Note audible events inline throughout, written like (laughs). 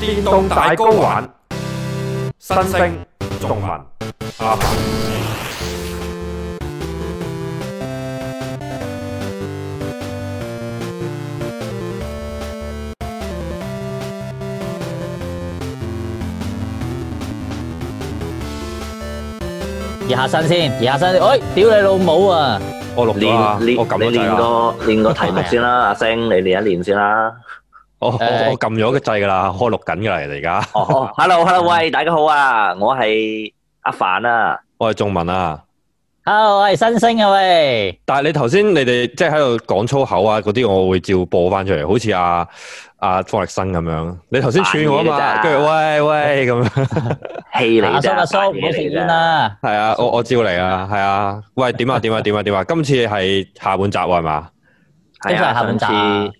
電動大 GO 玩，新星仲文。熱下身先，熱下身先。哎，屌你老母啊！我錄你，你你練個練個題目先啦，阿星，你練一練先啦。我我撳咗個掣噶啦，開錄緊噶嚟而家。哦，Hello，Hello，喂，大家好啊，我係阿凡啊，我係仲文啊。Hello，我係新星啊喂。但係你頭先你哋即係喺度講粗口啊嗰啲，我會照播翻出嚟。好似阿阿方力申咁樣，你頭先串我嘛？跟住喂喂咁樣，氣嚟啫。阿叔阿叔，唔好食煙啦。係啊，我我照嚟啊。係啊，喂，點啊點啊點啊點啊，今次係下半集係嘛？係啊，下半集。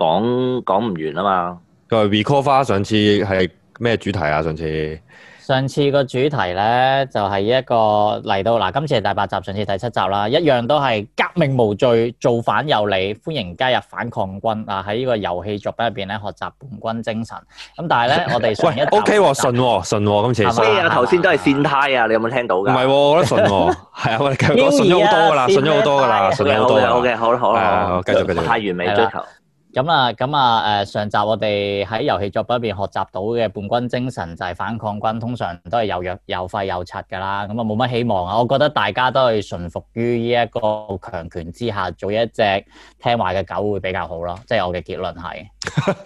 講講唔完啊嘛！佢 recall 上次係咩主題啊？上次上次個主題咧就係一個嚟到嗱，今次係第八集，上次第七集啦，一樣都係革命無罪，造反有理，歡迎加入反抗軍啊！喺呢個遊戲作品入邊咧學習叛軍精神。咁但係咧，我哋喂，O K 喎，順喎，順喎，今次 O K 啊！頭先都係善胎啊，你有冇聽到嘅？唔係，我覺得順喎，係啊，我哋繼續，順咗好多噶啦，順咗好多噶啦，順咗好多。好嘅，好啦，好啦，繼續繼續。太完美追求。咁啊，咁啊，誒、上集我哋喺遊戲作品入邊學習到嘅叛軍精神就係反抗軍，通常都係又弱又廢又柒噶啦，咁啊冇乜希望啊。我覺得大家都係順服於呢一個強權之下，做一隻聽話嘅狗會比較好咯，即係我嘅結論係。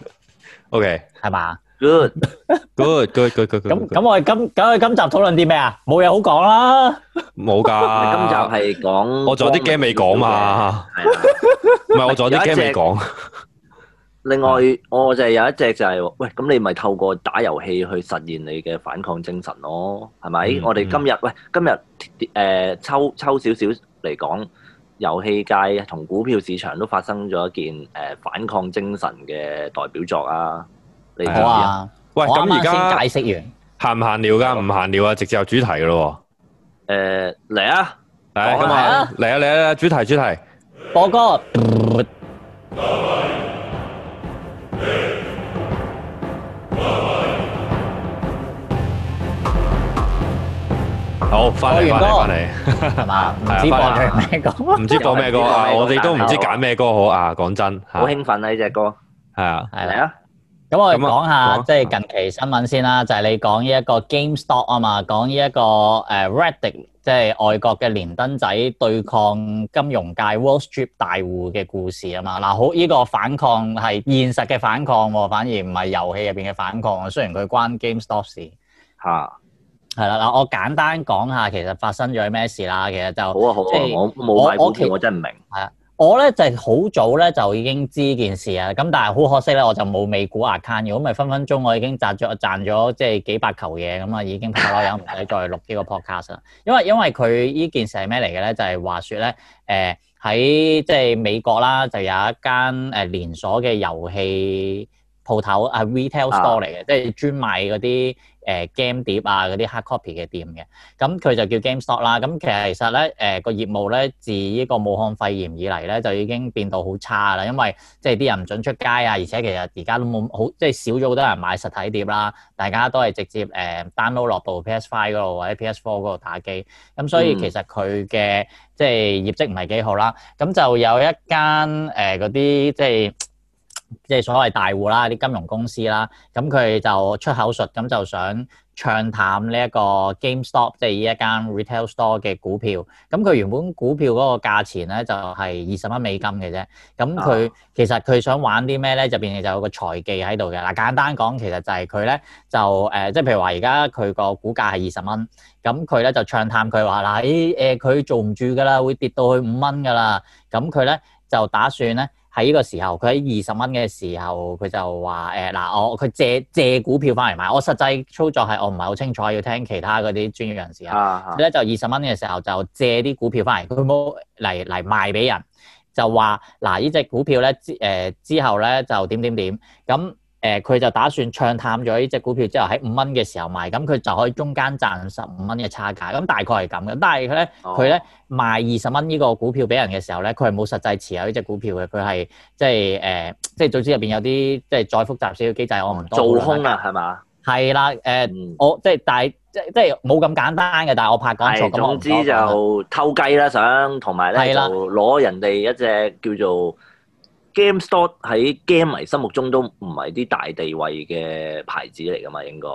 O K，係嘛？Good，good，good，good，good。咁咁我哋今咁我哋今集討論啲咩啊？冇嘢好講啦，冇噶。今集係講我仲有啲 game 未講嘛？係啦，唔係我仲有啲 game 未講。另外，我就係有一隻就係、是，喂，咁你咪透過打遊戲去實現你嘅反抗精神咯，係咪？嗯嗯我哋今日，喂，今日誒、呃、抽抽少少嚟講，遊戲界同股票市場都發生咗一件誒、呃、反抗精神嘅代表作啊，你講啊，哇喂，咁而家先解釋完，閒唔限料噶？唔限料啊，直接有主題噶咯。誒、呃，嚟啊，嚟、啊，今日嚟啊嚟啊，啊，主題主題，波哥。播完歌，係嘛？唔知播咩歌？唔知播咩歌啊？我哋都唔知揀咩歌好啊！講真，好興奮啊！呢隻歌係啊，係啊。咁我哋講下即係近期新聞先啦，就係你講呢一個 GameStop 啊嘛，講呢一個誒 Reddit，即係外國嘅連登仔對抗金融界 Wall Street 大戶嘅故事啊嘛。嗱，好，呢個反抗係現實嘅反抗，反而唔係遊戲入邊嘅反抗。雖然佢關 GameStop 事吓。係啦，嗱，我簡單講下其實發生咗咩事啦。其實就好啊，好啊，是我我我我真唔明。係啊，我咧就係、是、好早咧就已經知件事啊。咁但係好可惜咧，我就冇美股 account。如果唔係，分分鐘我已經賺咗賺咗即係幾百球嘢，咁啊已經拍拖有唔使再錄呢個 podcast。 (laughs) 因為因為佢呢件事係咩嚟嘅咧？就係、是、話說咧，誒、呃、喺即係美國啦，就有一間誒連鎖嘅遊戲鋪頭啊，retail store 嚟嘅，即係、啊、專賣嗰啲。誒 game 碟啊嗰啲黑 copy 嘅店嘅，咁佢就叫 GameStop 啦。咁其實咧，誒、呃、個業務咧自呢個武漢肺炎以嚟咧，就已經變到好差啦。因為即係啲人唔準出街啊，而且其實而家都冇好，即係少咗好多人買實體碟啦。大家都係直接誒 download 落到 PS Five 嗰度或者 PS Four 嗰度打機。咁所以其實佢嘅、嗯、即係業績唔係幾好啦。咁就有一間誒嗰啲即係。即係所謂大戶啦，啲金融公司啦，咁佢就出口術，咁就想唱淡呢一個 GameStop，即係呢一間 retail store 嘅股票。咁佢原本股票嗰個價錢咧就係二十蚊美金嘅啫。咁佢其實佢想玩啲咩咧？入邊就有個財技喺度嘅。嗱，簡單講，其實就係佢咧就誒，即、呃、係譬如話而家佢個股價係二十蚊，咁佢咧就唱淡佢話嗱，喺誒佢做唔住㗎啦，會跌到去五蚊㗎啦。咁佢咧就打算咧。喺呢個時候，佢喺二十蚊嘅時候，佢就話誒嗱，我、呃、佢、哦、借借股票翻嚟買。我實際操作係我唔係好清楚，要聽其他嗰啲專業人士啊，啊，啊。咧就二十蚊嘅時候就借啲股票翻嚟，佢冇嚟嚟賣俾人，就話嗱呢隻股票咧、呃，之之後咧就點點點咁。誒佢就打算暢探咗呢隻股票之後，喺五蚊嘅時候賣，咁佢就可以中間賺十五蚊嘅差價。咁大概係咁嘅，但係咧佢咧賣二十蚊呢個股票俾人嘅時候咧，佢係冇實際持有呢隻股票嘅，佢係即係誒，即係、呃、總之入邊有啲即係再複雜少少機制，我唔做空啊，係嘛？係啦吧，誒，呃嗯、我即係但係即係即係冇咁簡單嘅，但係我怕講錯總之就偷雞啦，想同埋咧就攞人哋一隻叫做。GameStop 喺 Game 迷心目中都唔係啲大地位嘅牌子嚟㗎嘛，應該。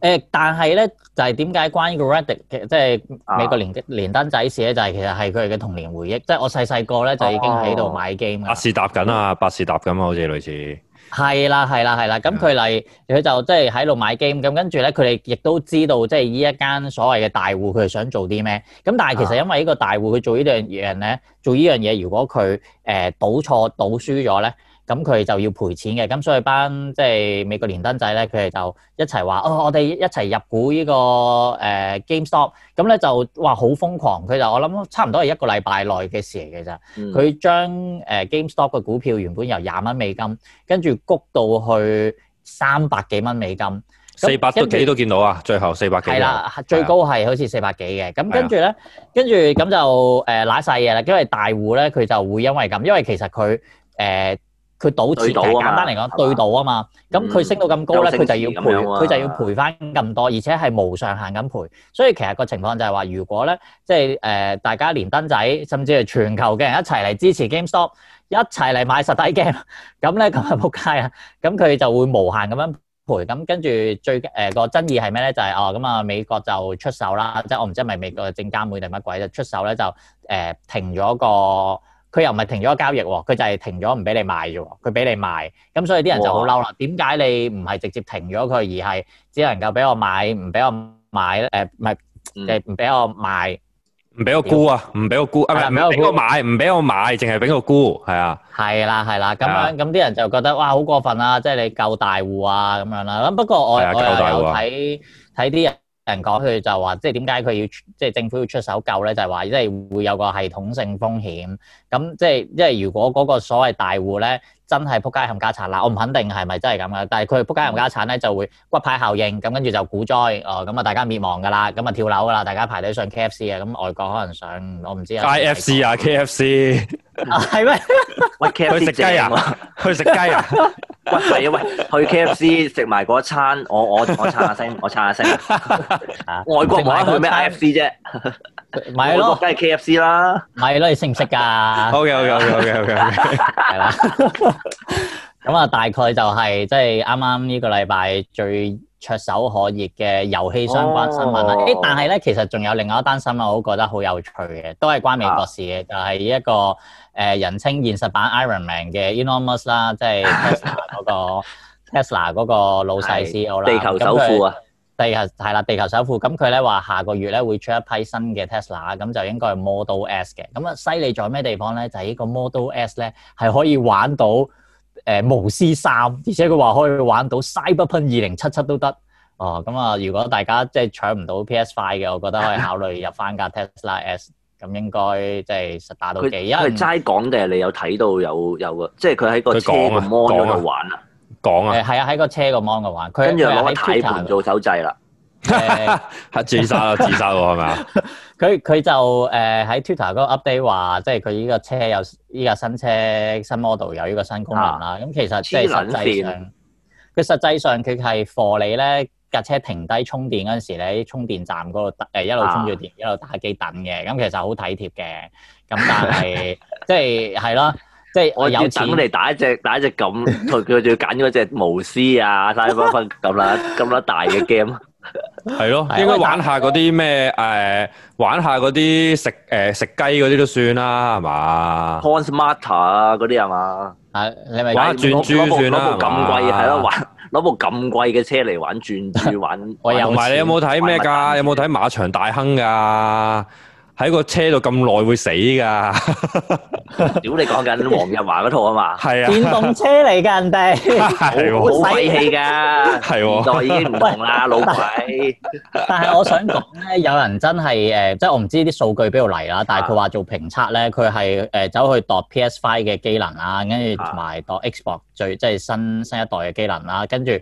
誒，但係咧就係點解關於個 Reddit 即係美國連連登仔事咧？就係、是、其實係佢哋嘅童年回憶。即、就、係、是、我細細個咧就已經喺度買 game 百事搭緊啊，百事搭緊啊，好似類似。係啦，係啦，係啦。咁佢嚟佢就即係喺度買 game。咁，跟住咧佢哋亦都知道即係呢一間所謂嘅大戶，佢想做啲咩。咁但係其實因為呢個大戶佢做呢樣嘢咧，做呢樣嘢如果佢誒、呃、賭錯賭輸咗咧。咁佢就要賠錢嘅，咁所以班即係美國連登仔咧，佢哋就一齊話哦，我哋一齊入股依個誒 GameStop，咁咧就話好瘋狂。佢就我諗差唔多係一個禮拜內嘅事嚟嘅啫。佢將誒 GameStop 嘅股票原本由廿蚊美金，跟住谷到去三百幾蚊美金，四百幾都見到啊！最後四百幾，係啦，最高係好似四百幾嘅。咁跟住咧，跟住咁就誒瀨曬嘢啦。因為大戶咧，佢就會因為咁，因為其實佢誒。佢賭錢，簡單嚟講，對賭啊嘛。咁佢升到咁高咧，佢、嗯、就要賠，佢、啊、就要賠翻咁多，而且係無上限咁賠。所以其實個情況就係話，如果咧，即係誒、呃、大家連登仔，甚至係全球嘅人一齊嚟支持 GameStop，一齊嚟買實體 game，咁咧咁係仆街啊。咁佢就，就會無限咁樣賠。咁跟住最誒、呃那個爭議係咩咧？就係、是、哦咁啊，美國就出手啦，即係我唔知係咪美國嘅證監會定乜鬼就出手咧，就、呃、誒停咗個。佢又唔係停咗交易喎，佢就係停咗唔俾你賣啫喎，佢俾你賣，咁所以啲人就好嬲啦。點解你唔係直接停咗佢，而係只能夠俾我買，唔俾我買咧？誒，唔係誒，唔俾我賣，唔俾我估啊，唔俾我沽？啊，唔俾我買，唔俾我買，淨係俾我沽？係啊。係啦，係啦，咁樣咁啲人就覺得哇，好過分啦，即係你夠大戶啊咁樣啦。咁不過我我又睇睇啲人。人講佢就話，即係點解佢要即係政府要出手救咧？就係話，即係會有個系統性風險。咁即係，即係如果嗰個所謂大戶咧。真係撲街冚家鏟啦！我唔肯定係咪真係咁噶，但係佢撲街冚家鏟咧就會骨牌效應，咁跟住就股災，哦，咁啊大家滅亡噶啦，咁啊跳樓噶啦，大家排隊上 K F C 啊，咁外國可能上我唔知有有 I F C 啊 K F C 係咩、啊？喂， (laughs) 去食雞啊？去食雞啊？骨牌啊！喂，去 K F C 食埋嗰餐，我我我撐下聲，我撐下聲。外國玩佢咩 I F C 啫？ (laughs) 咪咯，梗係 KFC 啦。咪咯，你識唔識噶好嘅，好嘅，好嘅，好嘅。係啦。咁啊，大概就係即係啱啱呢個禮拜最炙手可熱嘅遊戲相關新聞啦。誒、哦，但係咧，其實仲有另外一單新聞我都覺得好有趣嘅，都係關美國事嘅，就係、是、一個誒人稱現實版 Iron Man 嘅 Elon Musk 啦，即係個 Tesla 嗰個老細、哦、CEO，地球首富啊。地球係啦，地球首富，咁佢咧話下個月咧會出一批新嘅 Tesla，咁就應該係 Model S 嘅。咁啊，犀利在咩地方咧？就係呢個 Model S 咧係可以玩到誒，巫師三，而且佢話可以玩到 Cyberpunk 二零七七都得。哦，咁啊，如果大家即係搶唔到 PS Five 嘅，我覺得可以考慮入翻架 Tesla S。咁應該即係實打到幾？佢係齋講定係你有睇到有有㗎？即係佢喺個車個 Mon 嗰度玩啊！講啊，係、呃、啊，喺個車個 mon 玩，佢喺 t w 喺 t t 做手掣啦，自殺啊自殺喎係嘛？佢佢就誒喺 Twitter 嗰個 update 話，即係佢呢個車有依、這個新車新 model 有呢個新功能啦。咁、啊、其實即係實際上，佢實際上佢係貨你咧架車停低充電嗰陣時，喺充電站嗰度誒一路充住電，一路打機等嘅。咁、啊、其實好體貼嘅，咁但係即係係咯。 (laughs) 即係我要等你打一隻打一隻咁，佢佢仲要揀咗隻巫師啊，差唔多分咁啦，咁多大嘅 game。係咯，應該玩下嗰啲咩誒，玩下嗰啲食誒食雞嗰啲都算啦，係嘛？Pons Marta 啊，嗰啲係嘛？啊，你咪玩轉轉算啦，係嘛？攞部咁貴係咯，玩攞部咁貴嘅車嚟玩轉轉玩。我有錢。同埋你有冇睇咩㗎？有冇睇馬場大亨㗎？喺個車度咁耐會死噶？屌你講緊黃日華嗰套是啊嘛？係啊，電動車嚟噶人哋， (laughs) (laughs) 好使氣噶，係是、啊。時是、啊、代已經唔同啦，老鬼。但係皮我想講咧，有人真係誒、呃，即係我唔知啲數據邊度嚟啦，但係佢話做評測咧，佢係誒走去度 PS Five 嘅機能啦，跟住同埋度 Xbox 最即係新新一代嘅機能啦，跟住誒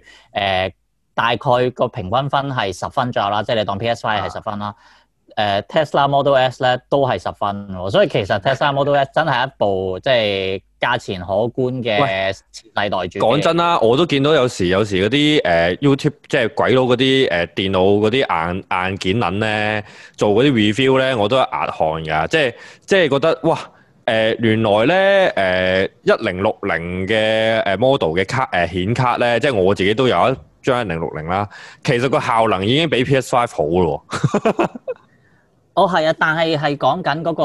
大概個平均分係十分左右啦，即係你當 PS Five 係十分啦。啊啊誒 Tesla、呃、Model S 咧都係十分，所以其實 Tesla Model S 真係一部即係價錢可觀嘅替代品。講真啦，我都見到有時有時嗰啲誒 YouTube 即係鬼佬嗰啲誒電腦嗰啲硬硬件撚咧做嗰啲 review 咧，我都有壓汗㗎，即係即係覺得哇誒、呃、原來咧誒一零六零嘅誒 model 嘅卡誒呃、顯卡咧，即係我自己都有一張一零六零啦，其實個效能已經比 PS Five 好咯。 (laughs) 哦，係啊，但係係講緊嗰個、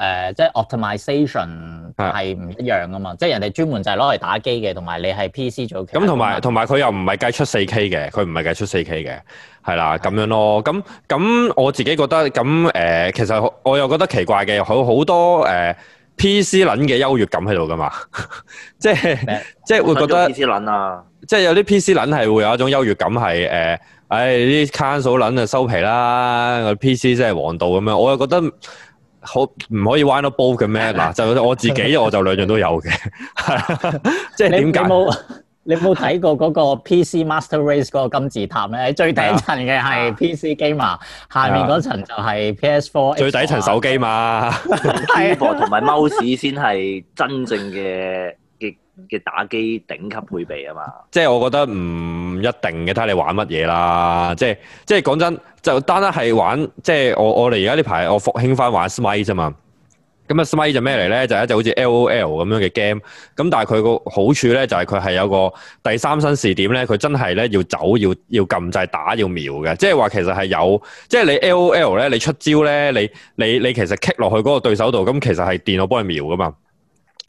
呃、即係 optimization 係唔一樣噶嘛，即係的人哋專門就係攞嚟打機嘅，同埋你係 P C 組。咁同埋同埋佢又唔係計出四 K 嘅，佢唔係計出四 K 嘅，係啦咁樣咯。咁咁我自己覺得，咁誒、呃、其實我又覺得奇怪嘅，好好多誒、呃、P C 撚嘅優越感喺度噶嘛， (laughs) 即係的 (laughs) 即係會覺得啊，即係有啲 P C 撚係會有一種優越感係誒。呃唉，呢啲卡數撚就收皮啦，個 P C 真係王道咁樣。我又覺得好唔可以玩到 both 嘅咩？嗱， (laughs) 就我自己我就兩樣都有嘅。 (laughs) (laughs) 即係點解冇？你冇睇過嗰個 P C Master Race 嗰個金字塔咧？ (laughs) 最頂層嘅係 P C game 嘛，下面嗰層就係 P S Four。最底層手機嘛，keyboard 同埋 mouse 先係真正嘅。嘅打機頂級配備啊嘛，即係我覺得唔一定嘅，睇你玩乜嘢啦。即係即係講真，就單單係玩，即係我我哋而家呢排我復興翻玩 Smite 啫嘛。咁啊 Smite 就咩嚟咧？就係一隻好似 L O L 咁樣嘅 game。咁但係佢個好處咧，就係佢係有個第三身視點咧，佢真係咧要走，要要撳掣打，要瞄嘅。即係話其實係有，即係你 L O L 咧，你出招咧，你你你其實擊落去嗰個對手度，咁其實係電腦幫你瞄噶嘛。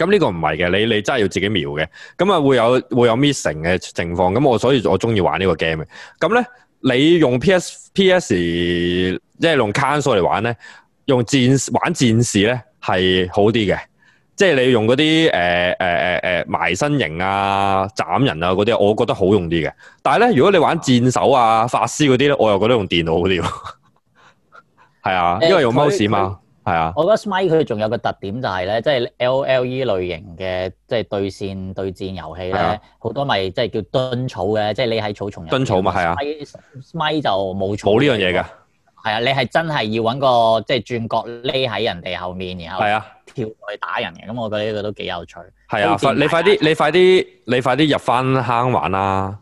咁呢個唔係嘅，你你真係要自己瞄嘅，咁啊會有會有 missing 嘅情況，咁我所以我中意玩個呢個 game 嘅。咁咧，你用 PSPS PS，即係用 console 嚟玩咧，用戰玩戰士咧係好啲嘅，即係你用嗰啲誒誒誒誒埋身型啊、斬人啊嗰啲，我覺得好用啲嘅。但係咧，如果你玩戰手啊、法師嗰啲咧，我又覺得用電腦好啲咯，係 (laughs) 啊的，呃、因為用 mouse 嘛。係啊，我覺得 Smite 佢仲有個特點就係、是、咧，即、就、係、是、LLE 類型嘅，即、就、係、是、對線對戰遊戲咧，好、啊、多咪即係叫蹲草嘅，即係匿喺草叢入。蹲草嘛，係啊。Smite、啊、Sm 就冇草呢樣嘢嘅。係啊，你係真係要揾個即係、就是、轉角匿喺人哋後面，然後跳落去打人嘅。咁、啊、我覺得呢個都幾有趣。係啊，你快啲，你快啲，你快啲入翻坑玩啦！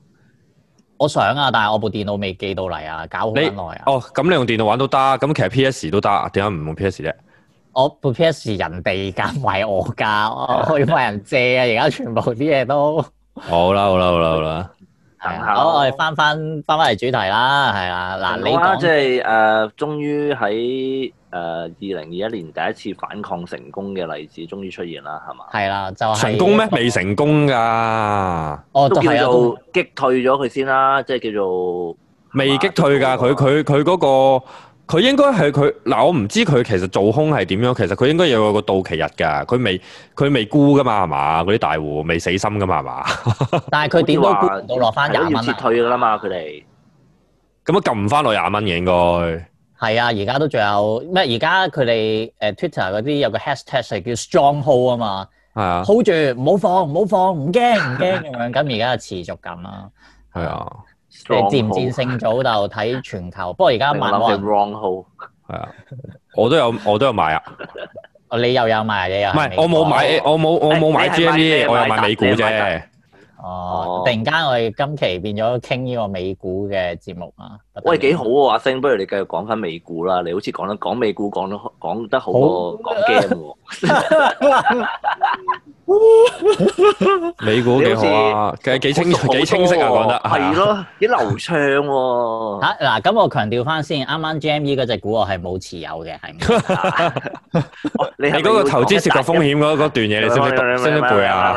我想啊，但係我部電腦未寄到嚟啊，搞好耐啊。哦，咁你用電腦玩都得、啊，咁其實 P、啊、S 都得、啊，點解唔用 P S 啫、 (laughs) 哦？我部 P S 人哋教，唔係我教，我要問人借啊！而家全部啲嘢都好啦、哦，好啦，好啦，好啦。好好，我哋翻翻翻翻嚟主題啦，係啦。嗱，呢個即係誒，終於喺誒二零二一年第一次反抗成功嘅例子，終於出現啦，係嘛？係啦，就是，成功咩？未成功噶，哦就是啊，都叫做擊退咗佢先啦，即係叫做未擊退噶，佢佢佢嗰個。佢應該係佢嗱，我唔知佢其實做空係點樣。其實佢應該有個到期日噶，佢未佢未沽噶嘛，係嘛？嗰啲大戶未死心噶嘛，係嘛？但係佢點都沽唔到落翻廿蚊啦。退噶啦嘛，佢哋咁樣撳唔翻落廿蚊嘅應該係啊！而家都仲有咩？而家佢哋誒 Twitter 嗰啲有個 hashtag 叫 strong hold 啊嘛係啊，hold 住唔好放，唔好放，唔驚唔驚咁樣。咁而家係持續咁啦係啊。即係戰唔戰勝早就睇全球，的不過而家問我係啊，我都有我都、啊、 (laughs) 有買啊，你又有買你啊？唔係我冇買，我冇我冇買 GME，哎、我係買美股啫。哦！突然間我哋今期變咗傾呢個美股嘅節目啊！喂，幾好啊，阿星，不如你繼續講翻美股啦。你好似講得講美股講得講得好，講 game 喎。美股幾好啊？其實幾清楚，幾清晰啊？講得係咯，幾流暢喎。吓嗱，咁我強調翻先，啱啱 GME 嗰隻股我係冇持有嘅，係咪啊？你嗰個投資涉及風險嗰嗰段嘢，你識唔識識唔識背啊？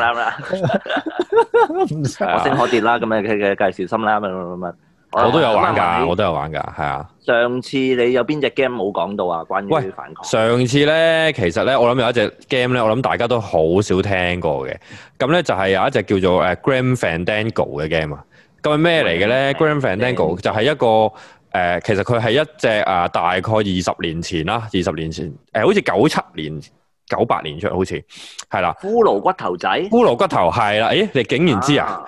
(laughs) 可升可跌啦，咁樣佢嘅介紹心啦，乜乜乜乜。我都有玩噶，我都有玩噶，係啊。上次你有邊隻 game 冇講到啊？關於上次咧，其實咧，我諗有一隻 game 咧，我諗大家都好少聽過嘅。咁咧就係有一隻叫做誒 (music) Grim Fandango 嘅 game 啊。咁係咩嚟嘅咧？Grim Fandango 就係一個誒、呃，其實佢係一隻啊、呃，大概二十年前啦，二十年前誒、呃，好似九七年。九八年出，好似係啦，骷髏骨頭仔，骷髏骨頭係啦，誒，你竟然知啊？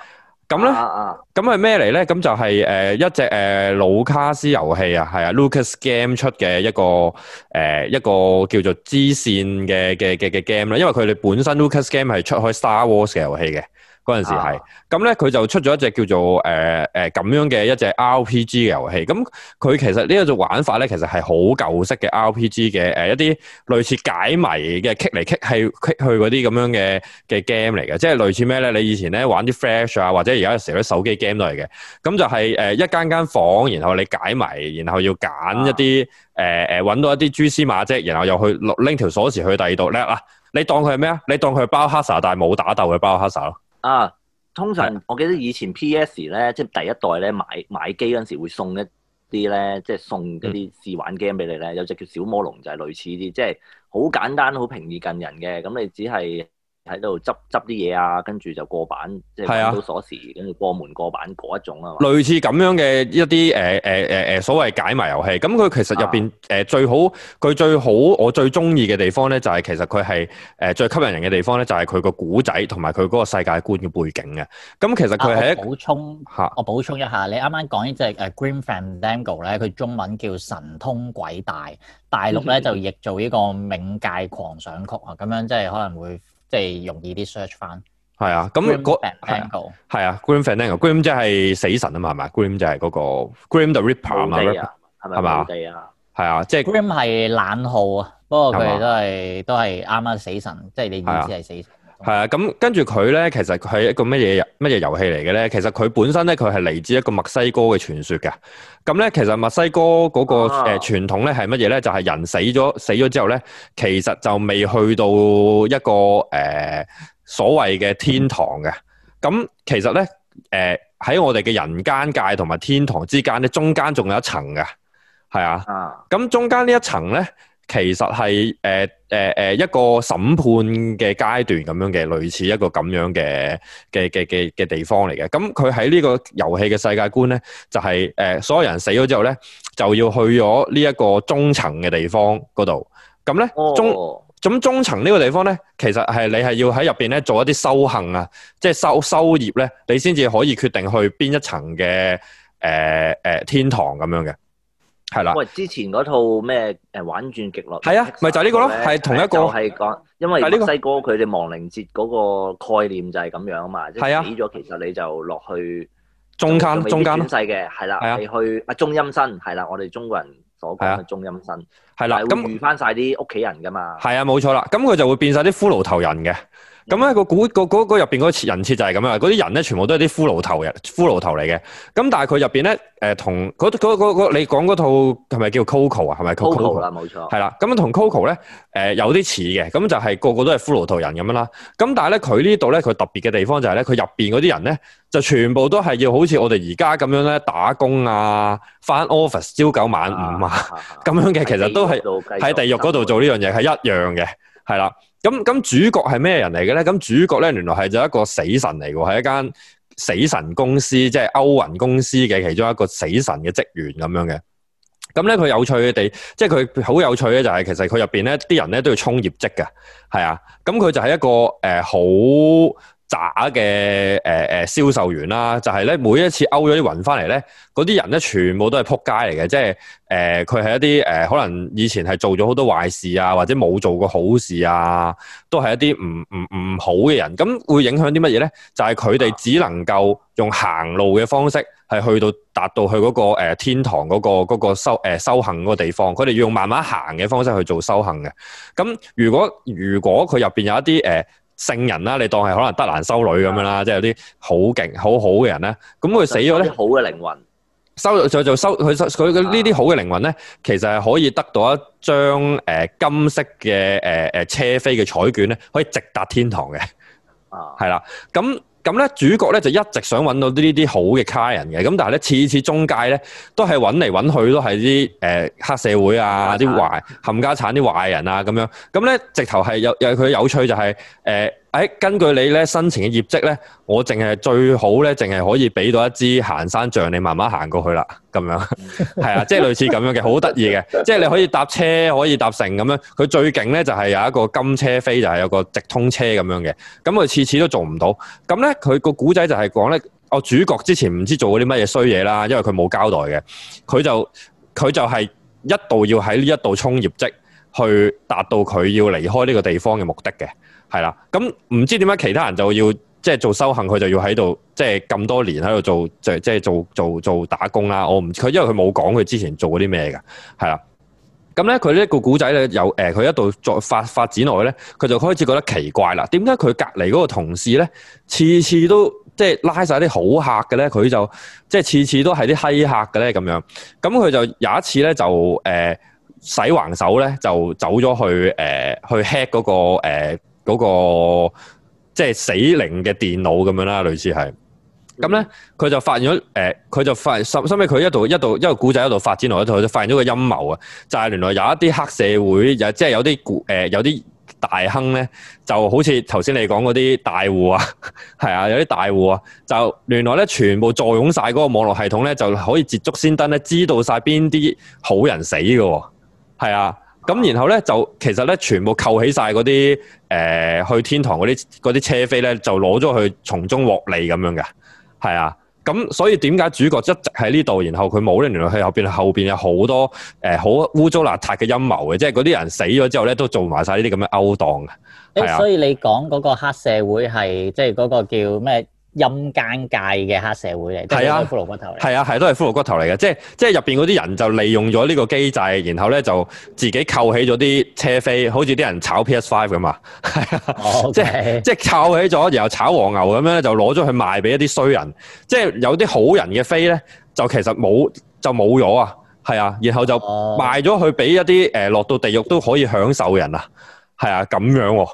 咁咧，啊，咁係咩嚟？咧？咁就係誒一隻誒老卡斯遊戲啊，係啊，Lucas Game 出嘅一個誒、呃、一個叫做支線嘅嘅嘅嘅 game 啦，因為佢哋本身 Lucas Game 係出開 Star Wars 嘅遊戲嘅。嗰陣時係，咁咧佢就出咗一隻叫做誒誒咁樣嘅一隻 RPG 嘅遊戲。咁佢其實呢一種玩法咧，其實係好舊式嘅 RPG 嘅誒、呃、一啲類似解謎嘅 kick 嚟 kick 去嗰啲咁樣嘅嘅 game 嚟嘅，即係類似咩咧？你以前咧玩啲 Flash 啊，或者而家成時啲手機 game 嚟嘅。咁就係、是、誒、呃、一間間房間，然後你解謎，然後要揀一啲誒誒揾到一啲蛛絲馬跡，然後又去拎條鎖匙去第二度。叻啊！你當佢係咩啊？你當佢係包黑沙，但係冇打鬥嘅包黑沙。啊，通常我記得以前 PS 咧，即係第一代咧買買機陣時會送一啲咧，即係送啲試玩 game 俾你咧，有隻叫小魔龍就係類似啲，即係好簡單好平易近人嘅，咁你只係，喺度執執啲嘢啊，跟住就過板，啊、即係搵到鎖匙，跟住過門過板嗰一種一、呃呃呃、啊。類似咁樣嘅一啲誒誒誒誒所謂解謎遊戲，咁佢、就是、其實入邊誒最好佢最好我最中意嘅地方咧，就係其實佢係誒最吸引人嘅地方咧，就係佢個古仔同埋佢嗰個世界觀嘅背景嘅。咁其實佢係補充吓，我補充，、啊、充一下，你啱啱講呢隻誒 Grim Fandango 咧，佢中文叫神通鬼大，大陸咧就譯做呢個冥界狂想曲啊，咁樣即係可能會。即係容易啲 search 翻，係啊，咁嗰 Fandango，係啊，啊，Grim Fandango，grim 即係死神嘛、那個嘛 okay、啊，係咪啊？grim 就係嗰個 grim the ripper 啊，係咪啊？係咪啊？係啊，即係 grim 係冷酷啊，不過佢哋都係嗎都係啱啱死神，即、就、係、是、你意思係死神。係啊，咁跟住佢咧，其實佢係一個乜嘢乜嘢遊戲嚟嘅咧？其實佢本身咧，佢係嚟自一個墨西哥嘅傳說嘅。咁咧，其實墨西哥嗰、那個誒傳、呃、統咧係乜嘢咧？就係、是、人死咗死咗之後咧，其實就未去到一個誒、呃、所謂嘅天堂嘅。咁、嗯嗯嗯、其實咧誒喺我哋嘅人間界同埋天堂之間咧，中間仲有一層嘅，係啊。咁、啊嗯、中間呢一層咧。其實係誒誒誒一個審判嘅階段咁樣嘅，類似一個咁樣嘅嘅嘅嘅嘅地方嚟嘅。咁佢喺呢個遊戲嘅世界觀咧，就係、是、誒、呃、所有人死咗之後咧，就要去咗呢一個中層嘅地方嗰度。咁咧、哦、中咁中層呢個地方咧，其實係你係要喺入邊咧做一啲修行啊，即係修修業咧，你先至可以決定去邊一層嘅誒誒天堂咁樣嘅。係啦，喂，之前嗰套咩誒玩轉極樂，係啊，咪就呢個咯，係同一個，係講因為墨西哥佢哋亡靈節嗰個概念就係咁樣啊嘛，即係死咗，其實你就落去中間，中間咯，細嘅係啦，係去啊中陰身，係啦，我哋中國人所講嘅中陰身，係啦，咁遇翻晒啲屋企人噶嘛，係啊，冇錯啦，咁佢就會變晒啲骷髏頭人嘅。咁咧個古個個個入邊嗰人設就係咁樣，嗰啲人咧全部都係啲骷髏頭人、骷髏頭嚟嘅。咁但係佢入邊咧，誒同你講嗰套係咪叫 Coco 啊？係咪 Coco 啦，冇錯。係啦，咁樣同 Coco 咧，誒有啲似嘅。咁就係個個都係骷髏頭人咁樣啦。咁但係咧，佢呢度咧佢特別嘅地方就係咧，佢入邊嗰啲人咧就全部都係要好似我哋而家咁樣咧打工啊，返 office 朝九晚五啊，咁、啊啊、樣嘅其實都係喺地獄嗰度做呢樣嘢係一樣嘅，係啦。咁咁主角係咩人嚟嘅咧？咁主角咧，原來係就一個死神嚟嘅，係一間死神公司，即係歐雲公司嘅其中一個死神嘅職員咁樣嘅。咁咧佢有趣嘅地，即係佢好有趣咧，就係其實佢入邊咧啲人咧都要衝業績嘅，係啊。咁佢就係一個誒好。呃渣嘅誒誒銷售員啦，就係、係、咧每一次勾咗啲雲翻嚟咧，嗰啲人咧全部都係撲街嚟嘅，即係誒佢係一啲誒可能以前係做咗好多壞事啊，或者冇做過好事啊，都係一啲唔唔唔好嘅人。咁會影響啲乜嘢咧？就係佢哋只能夠用行路嘅方式，係去到達到去、嗰、嗰個、誒、天堂嗰、嗰個嗰個修誒、呃、修行嗰個地方。佢哋要用慢慢行嘅方式去做修行嘅。咁如果如果佢入邊有一啲誒，呃聖人啦，你當係可能德蘭修女咁樣啦，即係有啲好勁、好好嘅人咧，咁佢死咗咧，好嘅靈魂，收就就收佢收佢嘅呢啲好嘅靈魂咧，其實係可以得到一張誒金色嘅誒誒車飛嘅彩卷咧，可以直達天堂嘅啊，係啦，咁。咁咧主角咧就一直想揾到呢啲好嘅客人嘅，咁但係咧次次中介咧都係揾嚟揾去都係啲黑社會啊，啲的壞冚家產啲壞人啊咁樣，咁咧直頭係有有佢嘅有趣就係、是呃根據你咧申請嘅業績咧，我淨係最好咧，淨係可以俾到一支行山杖，你慢慢行過去啦，咁樣係 (laughs) 啊，即係類似咁樣嘅，好得意嘅，即係你可以搭車，可以搭乘咁樣。佢最勁咧就係有一個金車飛，就係、是、有個直通車咁樣嘅。咁佢次次都做唔到。咁咧佢個古仔就係講咧，我、哦、主角之前唔知做過啲乜嘢衰嘢啦，因為佢冇交代嘅。佢就佢就係一度要喺呢一度衝業績，去達到佢要離開呢個地方嘅目的嘅。係啦，咁唔知點解其他人就要即係做修行，佢就要喺度即係咁多年喺度做，即係即係做做做，做打工啦。我唔佢，因為佢冇講佢之前做過啲咩嘅？係啦。咁咧，佢呢一個古仔咧，有誒，佢一度再發發，發展落去咧，佢就開始覺得奇怪啦。點解佢隔籬嗰個同事咧，次次都即係拉晒啲好客嘅咧，佢就即係次次都係啲閪客嘅咧咁樣。咁佢就有一次咧就誒、呃、洗橫手咧，就走咗去誒、呃、去 hack 嗰、嗰個誒。呃嗰、那個即係死靈嘅電腦咁樣啦，類似係咁咧，佢就發現咗誒，佢就發，收收尾佢一路一路一路古仔一路發展落去，佢就發現咗個陰謀啊！就係、是、原來有一啲黑社會，又即係有啲誒、呃、有啲大亨咧，就好似頭先你講嗰啲大戶啊，係 (laughs) 啊，有啲大戶啊，就原來咧全部坐擁晒嗰個網絡系統咧，就可以捷足先登咧，知道晒邊啲好人死嘅、哦，係啊！咁然後咧，就其實咧全部扣起晒嗰啲誒去天堂嗰啲啲車飛咧，就攞咗去從中獲利咁樣嘅，係啊，咁、嗯嗯、所以點解主角一直喺呢度？然後佢冇咧，原來佢後邊後邊有好多誒好污糟邋遢嘅陰謀嘅，即係嗰啲人死咗之後咧都做埋晒呢啲咁嘅勾當嘅。所以你講嗰個黑社會係即係嗰個叫咩？陰間界嘅黑社會嚟、啊啊，都係骷髏骨頭係啊，係都係骷髏骨頭嚟嘅，即係即係入邊嗰啲人就利用咗呢個機制，然後咧就自己扣起咗啲車飛，好似啲人炒 PS Five 咁啊，即係即係扣起咗，然後炒黃牛咁樣咧就攞咗去賣俾一啲衰人，即係有啲好人嘅飛咧就其實冇就冇咗啊，係啊，然後就賣咗去俾一啲誒、呃、落到地獄都可以享受嘅人啊，係啊，咁樣，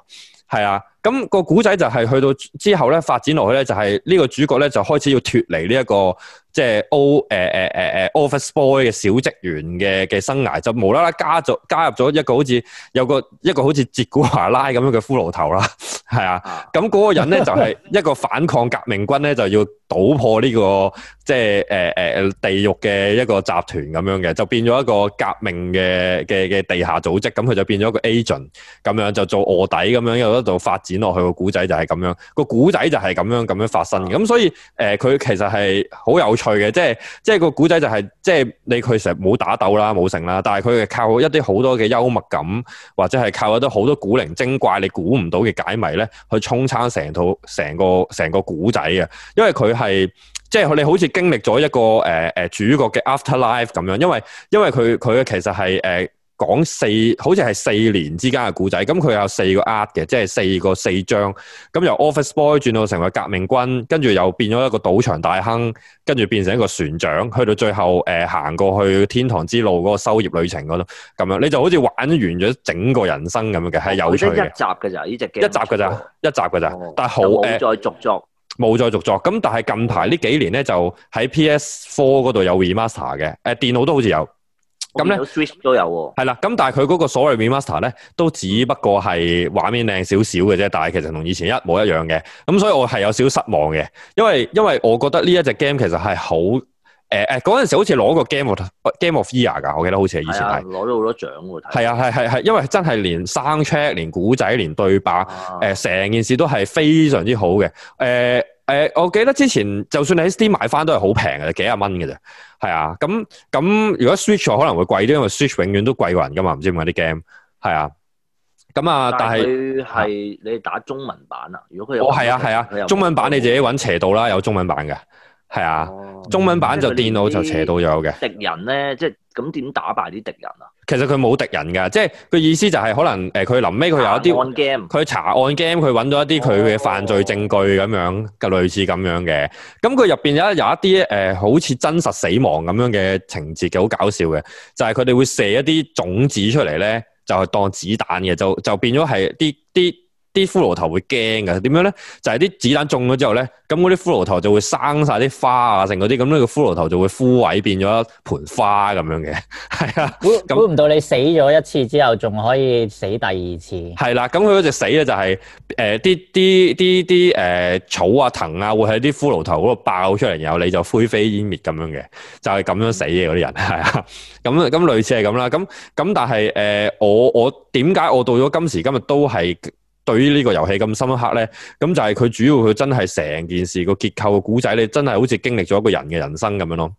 係啊。咁個古仔就係去到之後咧，發展落去咧，就係呢個主角咧，就開始要脫離呢一個。即係 O 誒誒誒誒 Office Boy 嘅小職員嘅嘅生涯，就無啦啦加咗加入咗一個好似有一個一個好似捷古華拉咁樣嘅骷髏頭啦，係啊，咁、那個人咧 (laughs) 就係一個反抗革命軍咧，就要搗破呢、這個即係誒誒地獄嘅一個集團咁樣嘅，就變咗一個革命嘅嘅嘅地下組織咁佢就變咗一個 agent 咁樣就做臥底咁樣一路一路發展落去、那個古仔就係咁樣、那個古仔就係咁樣咁樣發生嘅，咁所以誒佢、呃、其實係好有趣佢嘅，即係即係個古仔就係、是，即係你佢成日冇打鬥啦，冇成啦，但係佢係靠一啲好多嘅幽默感，或者係靠一啲好多古靈精怪，你估唔到嘅解謎咧，去沖撐成套成個成個古仔嘅，因為佢係即係你好似經歷咗一個誒誒、呃、主角嘅 afterlife 咁樣，因為因為佢佢其實係誒。呃講四，好似係四年之間嘅故仔，咁佢有四個 R 嘅，即係四個四章，咁由 Office Boy 轉到成為革命軍，跟住又變咗一個賭場大亨，跟住變成一個船長，去到最後誒行、呃、過去天堂之路嗰個收業旅程嗰度，咁樣你就好似玩完咗整個人生咁樣嘅，係、哦、有趣。有一集嘅咋呢隻劇？一集嘅咋，一集嘅咋。但係好誒，冇再續作，冇、呃、再續作。咁但係近排呢幾年咧，就喺 PS Four 嗰度有 Remaster 嘅，誒電腦都好似有。咁咧，Switch 都有喎、哦。係啦，咁但係佢嗰個所謂 remaster 咧，都只不過係畫面靚少少嘅啫，但係其實同以前一模一樣嘅。咁所以我係有少少失望嘅，因為因為我覺得呢一隻 game 其實係、呃、好誒誒，嗰陣時好似攞過 game of, game of year 噶，我記得好似係以前係攞咗好多獎喎、啊。係啊係係係，因為真係連 soundtrack 連古仔、連對白，誒、呃，成件事都係非常之好嘅，誒、呃。誒、嗯，我記得之前就算你喺 Steam 買翻都係好平嘅，幾十蚊嘅啫，係啊。咁、嗯、咁如果 Switch 可能會貴啲，因為 Switch 永遠都貴過人噶嘛，唔知點解啲 game 係啊。咁啊，但係係你打中文版啊？如果佢有係啊係啊，哦、中文版你自己揾斜道啦，有中文版嘅，係啊，哦、中文版就電腦、嗯、就斜道咗嘅。敵人咧，即係咁點打敗啲敵人啊？其實佢冇敵人嘅，即係佢意思就係可能誒，佢臨尾佢有一啲案，佢查案 game，佢揾到一啲佢嘅犯罪證據咁樣嘅，類似咁樣嘅。咁佢入邊有有一啲誒、呃，好似真實死亡咁樣嘅情節嘅，幾好搞笑嘅。就係佢哋會射一啲種子出嚟咧，就係當子彈嘅，就就變咗係啲啲。啲骷髏頭會驚㗎，點樣咧？就係、是、啲子彈中咗之後咧，咁嗰啲骷髏頭就會生晒啲花啊，剩嗰啲咁，呢個骷髏頭就會枯萎變咗一盆花咁樣嘅，係啊。估唔到你死咗一次之後，仲可以死第二次。係啦、啊，咁佢嗰隻死咧就係、是、誒，啲啲啲啲誒草啊藤啊會喺啲骷髏頭嗰度爆出嚟，然後你就灰飛煙滅咁樣嘅，就係、是、咁樣死嘅嗰啲人係啊。咁咁類似係咁啦，咁咁但係誒、呃，我我點解我到咗今時今日都係？對於呢個遊戲咁深刻咧，咁就係佢主要佢真係成件事個結構個古仔，你真係好似經歷咗一個人嘅人生咁樣咯。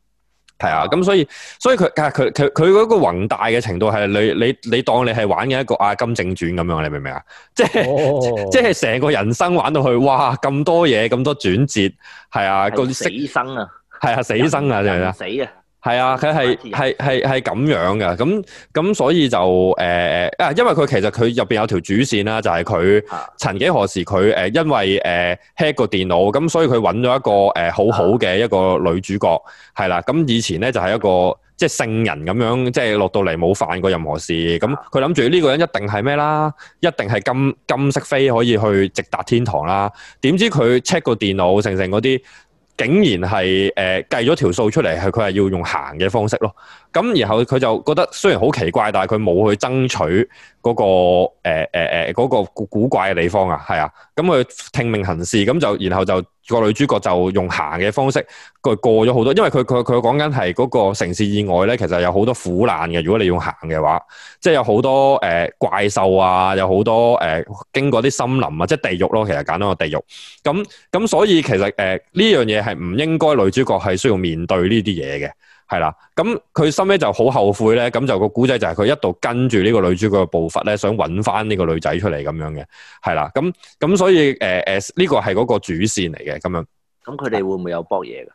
係啊，咁所以所以佢佢佢佢嗰個宏大嘅程度係你你你當你係玩嘅一個《阿、啊、甘正傳》咁樣，你明唔明啊？即係、哦、即係成個人生玩到去，哇！咁多嘢，咁多轉折，係啊，嗰啲死生啊，係啊，死生啊，真係啊，死啊！係啊，佢係係係係咁樣㗎，咁咁所以就誒誒啊，因為佢其實佢入邊有條主線啦，就係、是、佢曾幾何時佢誒、呃、因為誒 check 個電腦，咁所以佢揾咗一個誒、呃、好好嘅一個女主角，係啦、啊，咁、啊、以前咧就係一個即係聖人咁樣，即係落到嚟冇犯過任何事，咁佢諗住呢個人一定係咩啦，一定係金金色飛可以去直達天堂啦，點知佢 check 個電腦成成嗰啲。竟然係誒、呃、計咗條數出嚟，係佢係要用行嘅方式咯。咁然後佢就覺得雖然好奇怪，但係佢冇去爭取。嗰、那個誒誒誒嗰個古怪嘅地方啊，係啊，咁佢聽命行事，咁就然後就個女主角就用行嘅方式佢過咗好多，因為佢佢佢講緊係嗰個城市以外咧，其實有好多苦難嘅。如果你用行嘅話，即係有好多誒、呃、怪獸啊，有好多誒、呃、經過啲森林啊，即係地獄咯，其實簡單個地獄。咁咁所以其實誒呢樣嘢係唔應該女主角係需要面對呢啲嘢嘅。係啦，咁佢心尾就好後悔咧，咁就個古仔就係佢一度跟住呢個女主角嘅步伐咧，想搵翻呢個女仔出嚟咁樣嘅，係啦，咁咁所以誒誒呢個係嗰個主線嚟嘅，咁樣。咁佢哋會唔會有搏嘢噶？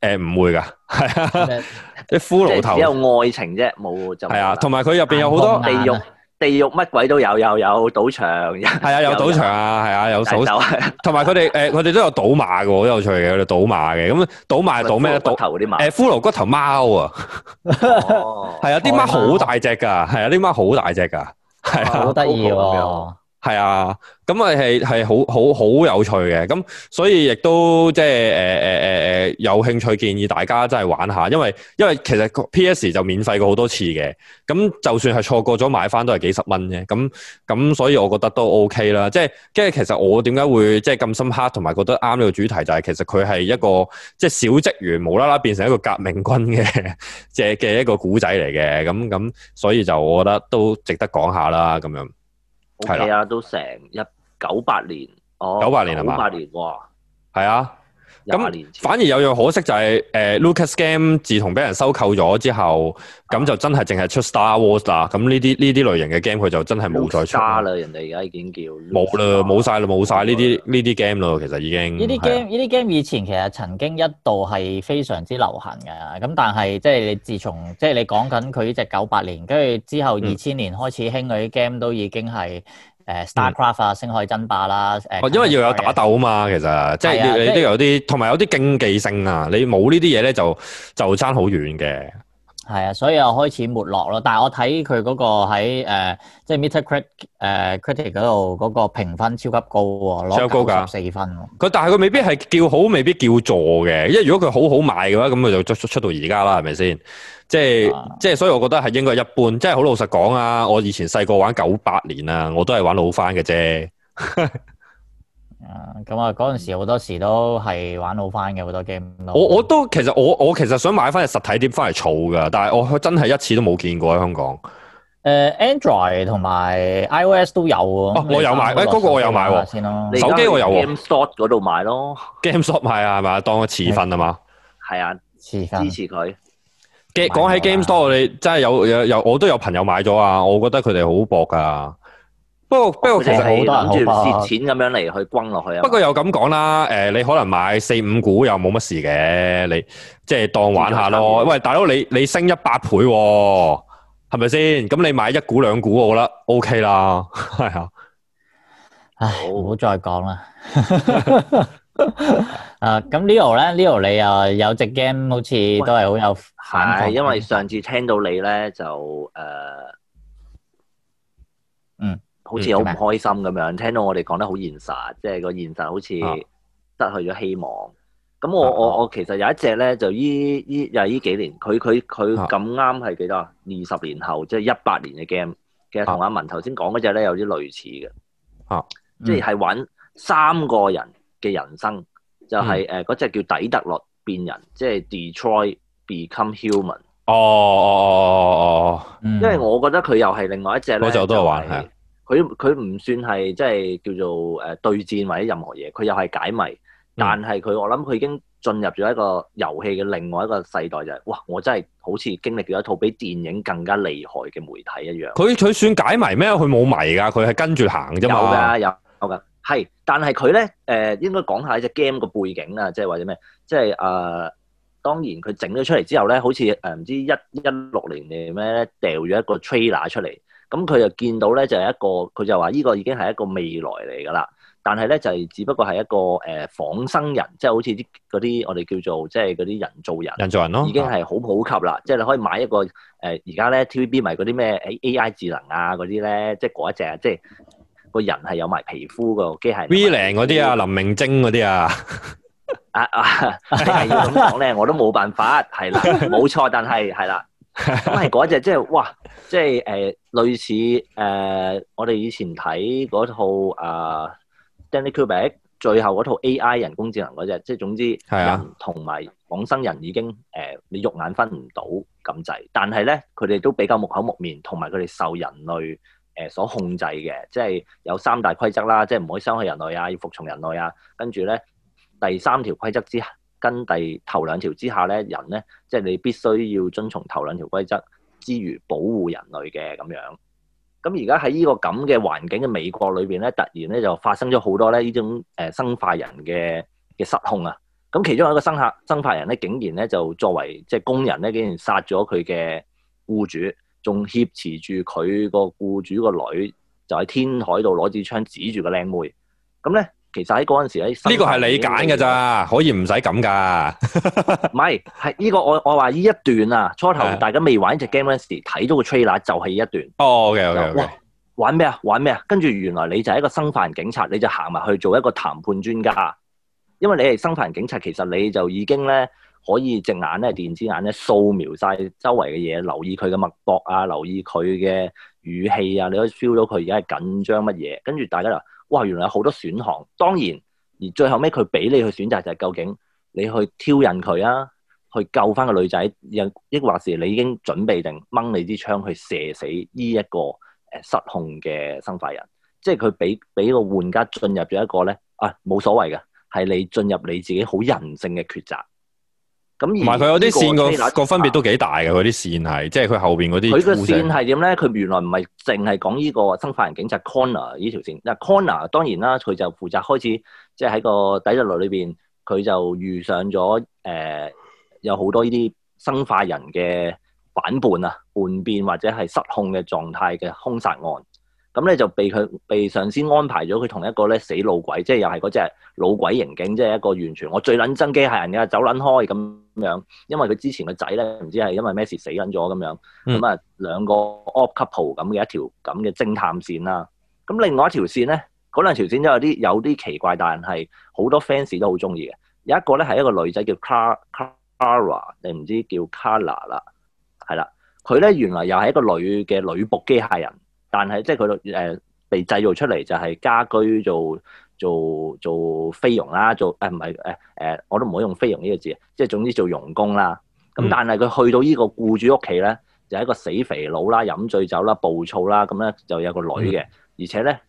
誒唔、呃、會噶，係啊，即係骷髏頭。只有愛情啫，冇 (laughs) 就係啊，同埋佢入邊有好多利用。地獄乜鬼都有，有有賭場，係啊有賭場啊，係啊有賭，同埋佢哋誒，佢哋、欸、都有賭馬嘅，好有趣嘅，佢哋賭馬嘅，咁賭馬賭咩？賭頭啲馬，誒骷髏骨頭貓啊，係啊、 (laughs) 欸，啲貓好大隻噶，係啊、哦，啲貓好大隻噶，係啊、嗯，好得意啊。係啊，咁咪係係好好好有趣嘅，咁所以亦都即係誒誒誒誒，有興趣建議大家真係玩下，因為因為其實 PS 就免費過好多次嘅，咁就算係錯過咗買翻都係幾十蚊啫，咁咁所以我覺得都 OK 啦。即係，即係其實我點解會即係咁深刻，同埋覺得啱呢個主題，就係其實佢係一個即係小職員無啦啦變成一個革命軍嘅嘅嘅一個古仔嚟嘅，咁咁所以就我覺得都值得講下啦，咁樣。係啊，okay, 的都成一九八年，哦，九八年係嘛？九八年，哇、哦！係啊。咁反而有樣可惜就係誒，Lucas Game 自從俾人收購咗之後，咁就真係淨係出 Star Wars 啦。咁呢啲呢啲類型嘅 game 佢就真係冇再出啦。人哋而家已經叫冇啦，冇晒啦，冇晒呢啲呢啲 game 啦。其實已經呢啲 game 呢啲 game 以前其實曾經一度係非常之流行嘅。咁但係即係你自從即係你講緊佢呢隻九八年，跟住之後二千年開始興嗰啲 game 都已經係。誒 StarCraft 啊，Star craft，星海爭霸啦，誒，因為要有打鬥啊嘛，其實即係你，的你都有啲，同埋有啲競技性啊，你冇呢啲嘢咧就就爭好遠嘅。係啊，所以又開始沒落咯。但係我睇佢嗰個喺誒、呃，即係 Metacritic、呃、critic 嗰度嗰個評分超級高喎，超高噶四分。佢但係佢未必係叫好，未必叫座嘅。因為如果佢好好賣嘅話，咁佢就出出到而家啦，係咪先？即係、啊、即係，所以我覺得係應該一般。即係好老實講啊，我以前細個玩九八年啊，我都係玩老翻嘅啫。 (laughs) 啊，咁啊、嗯，嗰陣時好多時都係玩好翻嘅，好多 game 都。我我都其實我我其實想買翻去實體店翻嚟儲噶，但係我真係一次都冇見過喺香港。誒、呃、Android 同埋 iOS 都有啊。哦、有我有買，誒，嗰個我有買喎。手機我有喎。GameStop 嗰度買咯。GameStop 買啊，係嘛，當個持份啊嘛。係、欸、啊，持分支持佢。g 講起 GameStop，我哋真係有有有，我都有朋友買咗啊，我覺得佢哋好搏噶。不過不過其實諗住蝕錢咁樣嚟去轟落去啊。不過又咁講啦，誒，你可能買四五股又冇乜事嘅，你即係當玩下咯。喂，大佬，你你升一百倍，係咪先？咁你買一股兩股，我覺得 OK 啦，係啊。唉，唔好再講啦。誒，咁 Leo 咧，Leo 你啊有隻 game 好似都係好有限，因為上次聽到你咧就誒。好似好唔開心咁樣，聽到我哋講得好現實，即係個現實好似失去咗希望。咁、啊、我我、啊、我其實有一隻咧，就依依又係依幾年，佢佢佢咁啱係幾多啊？二十年後，即係一八年嘅 game，其實同阿文頭先講嗰隻咧有啲類似嘅。啊，嗯、即係係玩三個人嘅人生，啊嗯、就係誒嗰隻叫底特律變人，嗯、即係 Detroit Become Human。哦哦哦哦哦哦哦，嗯嗯、因為我覺得佢又係另外一隻咧。嗰都係玩下。就是佢佢唔算係即係叫做誒、呃、對戰或者任何嘢，佢又係解謎。但係佢我諗佢已經進入咗一個遊戲嘅另外一個世代就係、是，哇！我真係好似經歷咗一套比電影更加厲害嘅媒體一樣。佢佢算解謎咩？佢冇謎㗎，佢係跟住行咋嘛。有㗎有。有㗎。係，但係佢咧誒，應該講下呢隻 game 個背景啊，即係或者咩？即係誒、呃，當然佢整咗出嚟之後咧，好似誒唔知一一六年定咩，掉咗一個 trailer 出嚟。咁佢就見到咧，就係一個佢就話呢個已經係一個未來嚟噶啦。但係咧，就係只不過係一個誒、呃、仿生人，即、就、係、是、好似啲嗰啲我哋叫做即係嗰啲人造人。人造人咯、哦，已經係好普及啦。即係、嗯、你可以買一個誒，而家咧 T V B 咪嗰啲咩 A I 智能啊嗰啲咧，即係嗰一隻，即係個人係有埋皮膚個機械。V 零嗰啲啊，林明禎嗰啲啊，啊啊，你 (laughs) 係要咁講咧，我都冇辦法。係啦，冇錯，但係係啦，咁係嗰隻，即係哇。哇嗯即係誒、呃，類似誒、呃，我哋以前睇嗰套啊 Kubrick 最後嗰套 A.I. 人工智能嗰隻，即係總之人同埋仿生人已經誒、呃，你肉眼分唔到咁滯。但係咧，佢哋都比較木口木面，同埋佢哋受人類誒、呃、所控制嘅，即係有三大規則啦，即係唔可以傷害人類啊，要服從人類啊。跟住咧，第三條規則之下，跟第頭兩條之下咧，人咧，即係你必須要遵從頭兩條規則。之餘保護人類嘅咁樣，咁而家喺呢個咁嘅環境嘅美國裏邊咧，突然咧就發生咗好多咧呢種誒生化人嘅嘅失控啊！咁其中有一個生客生化人咧，竟然咧就作為即係工人咧，竟然殺咗佢嘅僱主，仲挾持住佢個僱主個女，就喺天台度攞支槍指住個靚妹，咁咧。其實喺嗰陣時喺呢個係你揀嘅咋，後可以唔使咁噶。唔 (laughs) 係，係呢個我我話呢一段啊，初頭大家未玩隻 game 嗰時睇的到個 trailer 就係一段。哦，okay，okay，okay。哇，玩咩啊？玩咩啊？跟住原來你就係一個生化人警察，你就行埋去做一個談判專家。因為你係生化人警察，其實你就已經咧可以隻眼咧電子眼咧掃描晒周圍嘅嘢，留意佢嘅脈搏啊，留意佢嘅語氣啊，你可以 feel 到佢而家係緊張乜嘢。跟住大家就。哇！原來有好多選項，當然而最後尾佢俾你去選擇就係究竟你去挑釁佢啊，去救翻個女仔，又抑或是你已經準備定掹你支槍去射死呢一個誒失控嘅生化人，即係佢俾俾個玩家進入咗一個咧啊冇所謂嘅，係你進入你自己好人性嘅抉擇。唔係佢有啲線個分別都幾大嘅，佢啲、啊、線係即係佢後邊嗰啲。佢個線係點咧？佢原來唔係淨係講呢個生化人警察 Connor 呢條線。嗱 Connor 當然啦，佢就負責開始即係喺個底層裏邊，佢就遇上咗誒、呃、有好多呢啲生化人嘅反叛啊、叛變或者係失控嘅狀態嘅兇殺案。咁咧就被佢被上司安排咗，佢同一個咧死老鬼，即係又係嗰隻老鬼刑警，即係一個完全我最捻憎機械人嘅，走捻開咁樣，因為佢之前個仔咧，唔知係因為咩事死緊咗咁樣，咁啊、嗯，兩個 op couple 咁嘅一條咁嘅偵探線啦。咁另外一條線咧，嗰兩條線都有啲有啲奇怪，但係好多 fans 都好中意嘅。有一個咧係一個女仔叫 Cla Clara 你唔知叫 Kara 啦，係啦。佢咧原來又係一個女嘅女僕機械人。但係即係佢誒被製造出嚟就係家居做做做菲傭啦，做誒唔係誒誒，我都唔好用菲傭呢個字，即係總之做傭工啦。咁但係佢去到呢個僱主屋企咧，就係、是、一個死肥佬啦，飲醉酒啦，暴躁啦，咁咧就有個女嘅，嗯、而且咧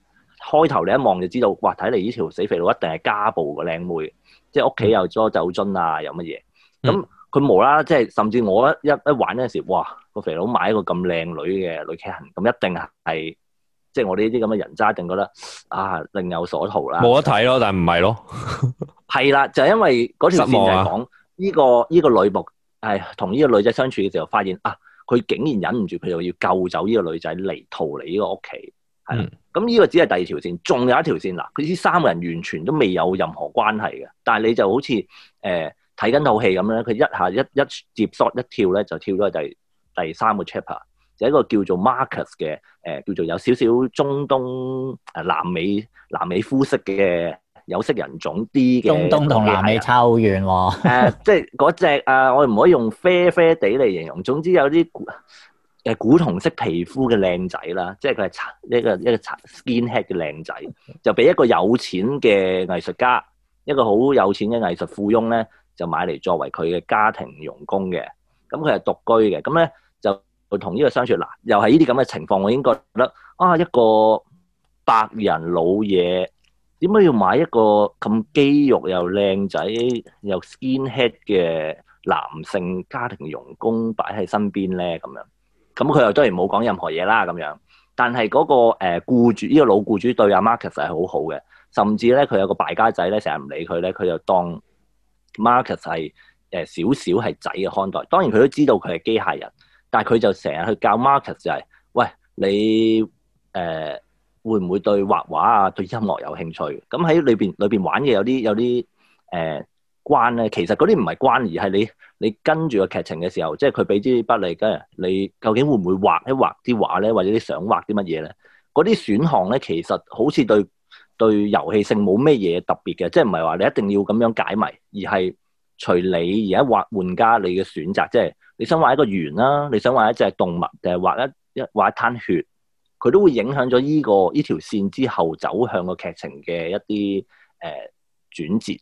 開頭你一望就知道，哇睇嚟呢條死肥佬一定係家暴個靚妹，即係屋企又多酒樽啊，有乜嘢咁。佢無啦，即係甚至我一一玩嗰陣時候，哇！個肥佬買一個咁靚女嘅女騎行，咁一定係即係我哋呢啲咁嘅人渣，一定覺得啊，另有所圖啦。冇得睇咯，但係唔係咯，係 (laughs) 啦，就係、是、因為嗰條線就係講、呢個，呢個依個女僕，係同呢個女仔相處嘅時候，發現啊，佢竟然忍唔住，佢又要救走呢個女仔嚟逃離呢個屋企，係啦。咁呢、嗯、個只係第二條線，仲有一條線嗱，佢、啊、呢三個人完全都未有任何關係嘅，但係你就好似誒。呃睇緊套戲咁樣，佢一,一下一一接索一,一跳咧，就跳咗去第第三個 chapter，就一個叫做 Marcus 嘅誒、呃，叫做有少少中東誒南、呃、美南美膚色嘅有色人種啲嘅。中東同南美差好遠喎、哦 (laughs) 呃。即係嗰隻啊，我唔可以用啡啡地嚟形容。總之有啲誒古、呃、古銅色皮膚嘅靚仔啦，即係佢係一個一個 Skinhead 嘅靚仔，就俾一個有錢嘅藝術家，一個好有錢嘅藝，藝術富翁咧。呢就買嚟作為佢嘅家庭傭工嘅，咁佢係獨居嘅，咁、嗯、咧就同呢個相處，嗱又係呢啲咁嘅情況，我已經覺得啊一個白人老嘢點解要買一個咁肌肉又靚仔又 skinhead 嘅男性家庭傭工擺喺身邊咧？咁樣咁佢、嗯、又當然冇講任何嘢啦。咁樣，但係嗰個誒僱主呢、呢個老僱主對阿 Mark 其實係好好嘅，甚至咧佢有個敗家仔咧成日唔理佢咧，佢就當 Markus 係誒少少係仔嘅看待，當然佢都知道佢係機械人，但係佢就成日去教 Markus 就係、是，喂你誒、呃、會唔會對畫畫啊對音樂有興趣？咁喺裏邊裏邊玩嘅有啲有啲誒、呃、關咧，其實嗰啲唔係關，而係你你跟住個劇情嘅時候，即係佢俾啲筆你，跟你究竟會唔會畫一畫啲畫咧，或者你想畫啲乜嘢咧？嗰啲選項咧，其實好似對。對遊戲性冇咩嘢特別嘅，即係唔係話你一定要咁樣解謎，而係隨你而家畫玩家你嘅選擇，即係你想畫一個圓啦，你想畫一隻動物定係畫一一畫一灘血，佢都會影響咗呢、這個呢條、這個、線之後走向個劇情嘅一啲誒、呃、轉折。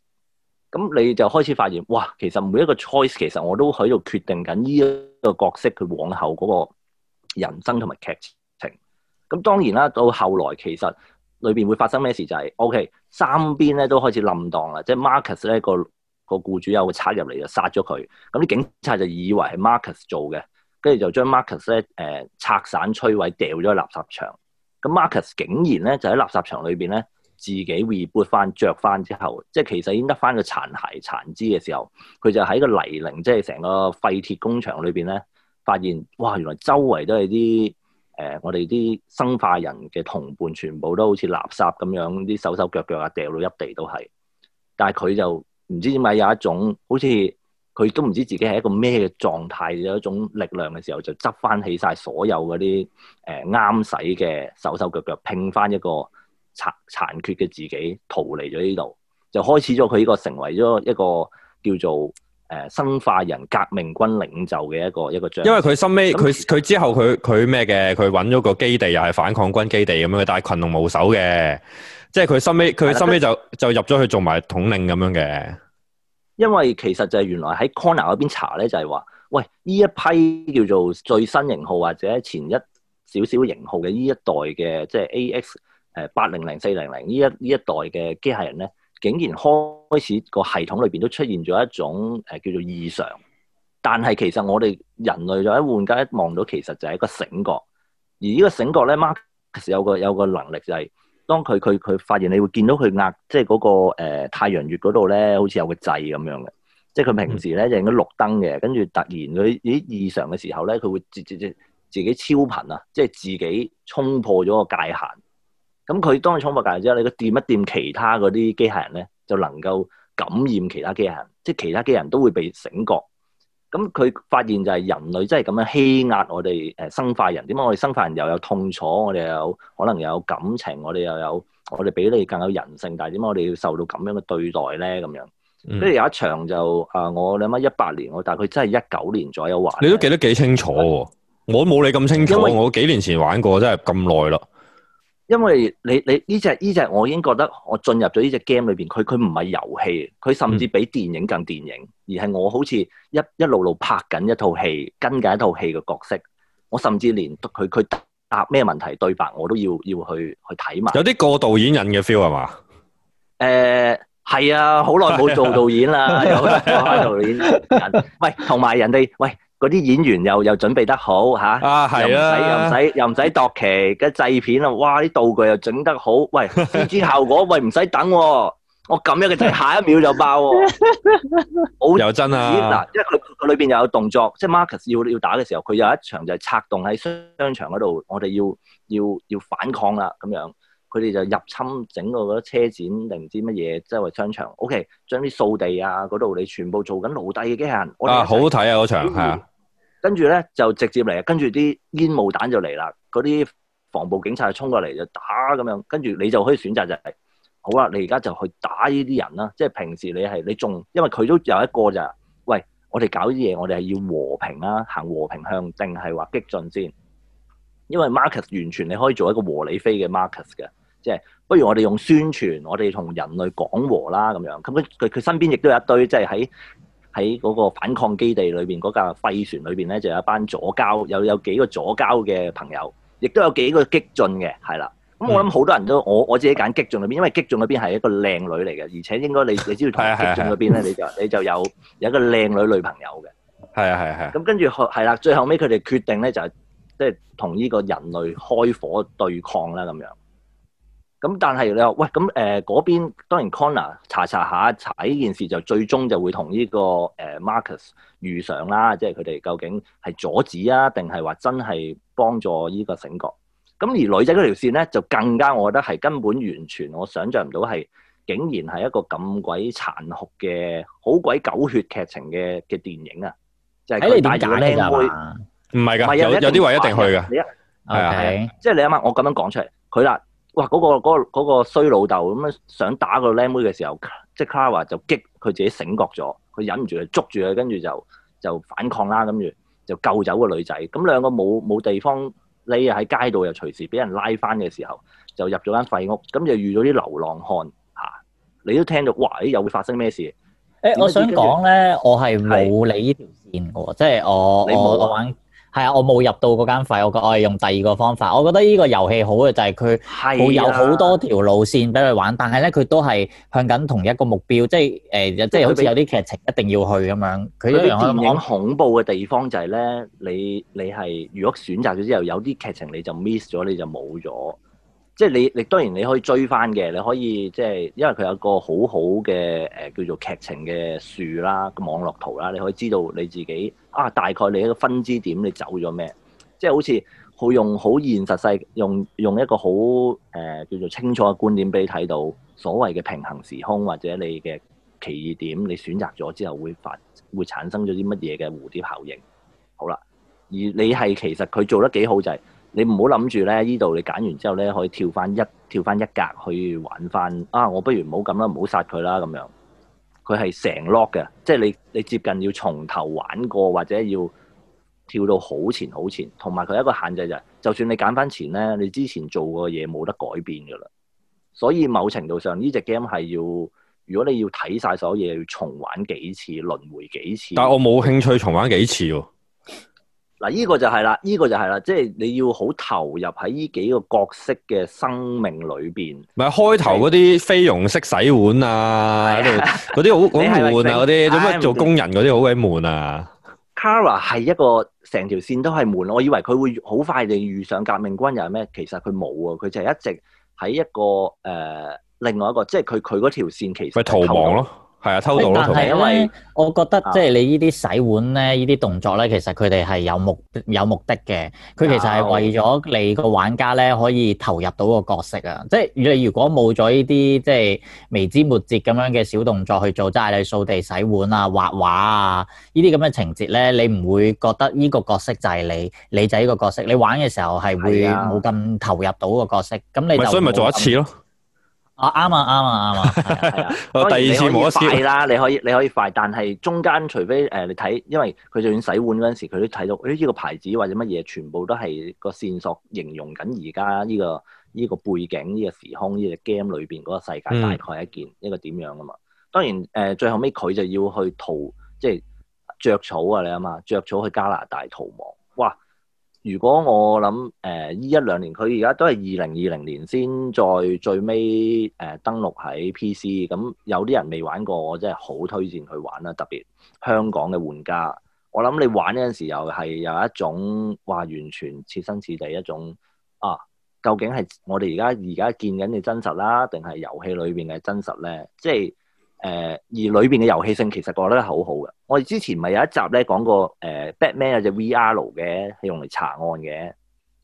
咁你就開始發現，哇，其實每一個 choice 其實我都喺度決定緊呢一個角色佢往後嗰個人生同埋劇情。咁當然啦，到後來其實。裏邊會發生咩事、就是？就係 O.K. 三邊咧都開始冧蕩啦，即係 Marcus 咧，個個僱主有個賊入嚟就殺咗佢，咁啲警察就以為係 Marcus 做嘅，跟住就將 Marcus 咧誒拆散摧毀掉咗喺垃圾場。咁 Marcus 竟然咧就喺垃圾場裏邊咧自己 reboot 翻着翻之後，即係其實淨得翻個殘骸殘肢嘅時候，佢就喺個泥濘即係成個廢鐵工場裏邊咧發現，哇！原來周圍都係啲。誒、呃，我哋啲生化人嘅同伴全部都好似垃圾咁樣，啲手手腳腳啊掉到一地都係。但係佢就唔知點解有一種好似佢都唔知自己係一個咩嘅狀態有一種力量嘅時候，就執翻起晒所有嗰啲誒啱使嘅手手腳腳，拼翻一個殘殘缺嘅自己，逃離咗呢度，就開始咗佢呢個成為咗一個叫做。誒、啊，生化人革命軍領袖嘅一個一個將，因為佢深屘佢，佢之後佢佢咩嘅，佢揾咗個基地又係反抗軍基地咁樣，但係群龍無首嘅，即係佢深尾，佢深尾就是就入咗去做埋統領咁樣嘅。因為其實就係原來喺 Connor 嗰邊查咧，就係、是、話，喂，呢一批叫做最新型號或者前一少少型，型號嘅呢一代嘅，即係 A X 誒八零零四零零呢一呢一代嘅機械人咧。竟然開始個系統裏邊都出現咗一種誒叫做異常，但係其實我哋人類就喺玩家一望到其實就係一個醒覺，而呢個醒覺咧，Markus 有個有個能力就係當佢佢佢發現你會見到佢壓、就是那個呃，即係嗰個太陽穴嗰度咧，好似有個掣咁樣嘅，即係佢平時咧就應該綠燈嘅，跟住突然佢啲異常嘅時候咧，佢會自自自自己超頻啊，即係自己衝破咗個界限。咁佢當佢衝破界線之後，你個掂一掂其他嗰啲機械人咧，就能夠感染其他機械人，即係其他機械人都會被醒覺。咁佢發現就係人類真係咁樣欺壓我哋誒生化人。點解我哋生化人又有痛楚？我哋又有可能又有感情，我哋又有我哋比你更有人性，但係點解我哋要受到咁樣嘅對待咧？咁樣、嗯，跟住有一場就啊，我諗翻一八年，我大概真係一九年左右玩。你都記得幾清楚喎？的我冇你咁清楚，因為我幾年前玩過真，真係咁耐啦。因為你你呢隻呢隻，我已經覺得我進入咗呢隻 game 裏邊，佢佢唔係遊戲，佢甚至比電影更電影，而係我好似一一路路拍緊一套戲，跟緊一套戲嘅角色。我甚至連佢佢答咩問題對白，我都要要去去睇埋。有啲過導演癮嘅 feel 係嘛？誒係、呃、啊，好耐冇做導演啦，又做導演人。喂，同埋人哋喂。嗰啲演員又又準備得好吓，又唔使又唔使又唔使度期嘅製片啊！哇，啲道具又整得好，喂，甚至效果喂唔使等，我咁樣嘅就係下一秒就爆，好有真啊！嗱，因為佢佢裏邊又有動作，即係 Marcus 要要打嘅時候，佢有一場就係策動喺商場嗰度，我哋要要要反抗啦咁樣。佢哋就入侵整個嗰車展定唔知乜嘢即係話商場，O.K. 將啲掃地啊嗰度，你全部做緊奴隸嘅機械人。啊，我好睇啊！嗰場跟住咧就直接嚟，跟住啲煙霧彈就嚟啦。嗰啲防暴警察就衝過嚟就打咁樣，跟住你就可以選擇就係、是、好啦、啊。你而家就去打呢啲人啦。即係平時你係你仲因為佢都有一個就係，喂，我哋搞啲嘢，我哋係要和平啦、啊，行和平向定係話激進先？因為 market 完全你可以做一個和理非嘅 market 嘅。即係不如我哋用宣傳，我哋同人類講和啦咁樣。咁佢佢身邊亦都有一堆，即係喺喺嗰個反抗基地裏邊嗰架廢船裏邊咧，就有一班左膠，有有幾個左膠嘅朋友，亦都有幾個激進嘅，係啦。咁我諗好多人都我我自己揀激進嗰邊，因為激進嗰邊係一個靚女嚟嘅，而且應該你你知道同激進嗰邊咧， (laughs) 你就你就有有一個靚女女朋友嘅。係啊係啊係啊。咁跟住係啦，最後尾佢哋決定咧就係即係同呢個人類開火對抗啦咁樣。咁但係你話喂咁誒嗰邊當然 Connor 查查下查呢件事就最終就會同呢、呢個誒、呃、Marcus 遇上啦，即係佢哋究竟係阻止啊，定係話真係幫助呢個醒覺？咁而女仔嗰條線咧就更加，我覺得係根本完全我想像唔到係，竟然係一個咁鬼殘酷嘅、好鬼狗血劇情嘅嘅電影啊！即係咁大條靚妹，唔係噶，有有啲位一定去噶，係啊，即係你諗下，okay. 我咁樣講出嚟佢啦。哇！嗰個嗰個嗰個衰老豆咁樣想打個僆妹嘅時候，即係 Clara 就激佢自己醒覺咗，佢忍唔住嚟捉住佢，跟住就就反抗啦，跟住就救走個女仔。咁兩個冇冇地方匿啊，喺街道又隨時俾人拉翻嘅時候，就入咗間廢屋。咁就遇咗啲流浪漢嚇、啊，你都聽到哇！又會發生咩事？誒、欸，我想講咧，著我係冇你呢條線嘅喎，即係我我。你係啊，我冇入到嗰間廢，我覺我係用第二個方法。我覺得呢個遊戲好嘅就係、是、佢會有好多條路線俾佢玩，但係咧佢都係向緊同一個目標，即係誒、呃，即係好似有啲劇情一定要去咁樣。佢有啲恐恐怖嘅地方就係、是、咧，你你係如果選擇咗之後，有啲劇情你就 miss 咗，你就冇咗。即係你你當然你可以追翻嘅，你可以即係因為佢有個好好嘅誒叫做劇情嘅樹啦，個網絡圖啦，你可以知道你自己。啊！大概你一個分支點，你走咗咩？即係好似佢用好現實世，用用一個好誒、呃、叫做清楚嘅觀念俾你睇到所謂嘅平行時空，或者你嘅奇異點，你選擇咗之後會發會產生咗啲乜嘢嘅蝴蝶效應。好啦，而你係其實佢做得幾好就係、是、你唔好諗住咧，呢度你揀完之後咧可以跳翻一跳翻一格去玩翻。啊，我不如唔好咁啦，唔好殺佢啦咁樣。佢係成 lock 嘅，即係你你接近要從頭玩過，或者要跳到好前好前，同埋佢一個限制就係，就算你揀翻前呢，你之前做過嘅嘢冇得改變㗎啦。所以某程度上，呢隻 game 係要，如果你要睇晒所有嘢，要重玩幾次，輪迴幾次。但係我冇興趣重玩幾次喎。嗱，依個就係啦，依、這個就係啦，即係你要好投入喺呢幾個角色嘅生命裏邊。咪開頭嗰啲菲傭式洗碗啊，喺度嗰啲好鬼悶啊，嗰啲做乜做工人嗰啲好鬼悶啊。Kara 係一個成條線都係悶，我以為佢會好快地遇上革命軍又係咩？其實佢冇啊，佢就係一直喺一個誒、呃、另外一個，即係佢佢嗰條線其實逃亡咯。 (laughs) 係啊，偷渡咯，同埋，因為我覺得即係你呢啲洗碗咧，呢啲、啊、動作咧，其實佢哋係有目有目的嘅。佢其實係為咗你個玩家咧可以投入到個角色啊。即係你如果冇咗呢啲即係微枝末節咁樣嘅小動作去做，即係你掃地、洗碗啊、畫畫啊這這呢啲咁嘅情節咧，你唔會覺得呢個角色就係你？你就係呢個角色？你玩嘅時候係會冇咁投入到個角色。咁的你咪所以咪做一次咯。啊啱啊啱啊啱啊！係啊，啊，啊，啊，當然你可以快啦， (laughs) 第二次你可以你可以快，但係中間除非誒你睇，因為佢就算洗碗嗰陣時，佢都睇到，誒、哎、呢、這個牌子或者乜嘢，全部都係個線索，形容緊而家呢個呢、這個背景、呢、這個時空、呢、這個 game 裏邊嗰個世界大概係一件一個點樣噶嘛。當然誒、呃，最後尾佢就要去逃，即、就、係、是、著草啊！你啊嘛，著草去加拿大逃亡。如果我諗呃呢一兩年，佢而家都係二零二零年先再最尾呃、呃、登陸喺 PC，咁有啲人未玩過，我真係好推薦佢玩啦，特別香港嘅玩家。我諗你玩呢陣時又係有一種話完全設身處地一種啊，究竟係我哋而家而家見緊嘅真實啦，定係遊戲裏邊嘅真實咧？即係。誒而裏邊嘅遊戲性其實我覺得係好好嘅。我哋之前咪有一集咧講過的的，誒 Batman 有隻 VR 嘅係用嚟查案嘅，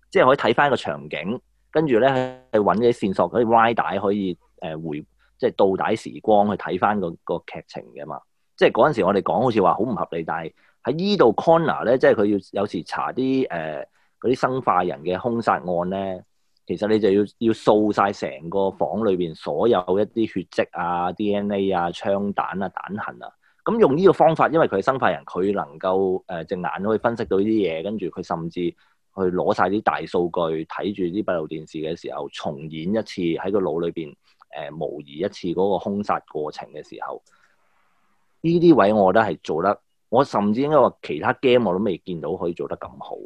即係可以睇翻個場景，跟住咧去揾啲線索，嗰啲 Y 帶可以誒回，即係倒帶時光去睇翻個個劇情嘅嘛。即係嗰陣時我哋講好似話好唔合理，但係喺呢度 Connor 咧，即係佢要有時查啲誒嗰啲生化人嘅兇殺案咧。其實你就要要掃晒成個房裏邊所有一啲血迹啊、DNA 啊、槍彈啊、彈痕啊。咁用呢個方法，因為佢係生化人，佢能夠誒隻眼可以分析到呢啲嘢，跟住佢甚至去攞晒啲大數據睇住啲閉路電視嘅時候，重演一次喺個腦裏邊誒、呃、模擬一次嗰個兇殺過程嘅時候，呢啲位我覺得係做得，我甚至應該話其他 game 我都未見到可以做得咁好。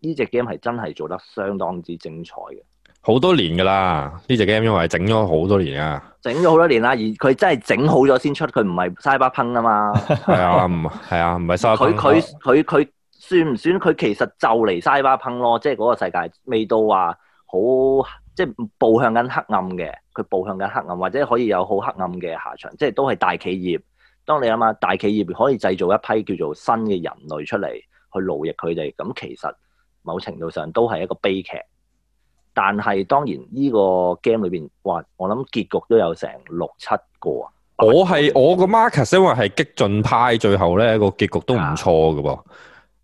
呢隻 game 係真係做得相當之精彩嘅。好多年噶啦，呢隻 game 因為係整咗好多年啊，整咗好多年啦，而佢真係整好咗先出，佢唔係西巴噴啊嘛，係啊， (laughs) (laughs) 唔係啊，唔係西巴噴。佢佢佢佢算唔算？佢其實就嚟西巴噴咯，即係嗰個世界未到話好，即係步向緊黑暗嘅，佢步向緊黑暗，或者可以有好黑暗嘅下場，即係都係大企業。當你諗下大企業可以製造一批叫做新嘅人類出嚟去奴役佢哋，咁其實。某程度上都係一個悲劇，但係當然呢個 game 裏邊，哇！我諗結局都有成六七個啊。我係我個 Markus，因為係激進派，最後咧個結局都唔錯嘅噃。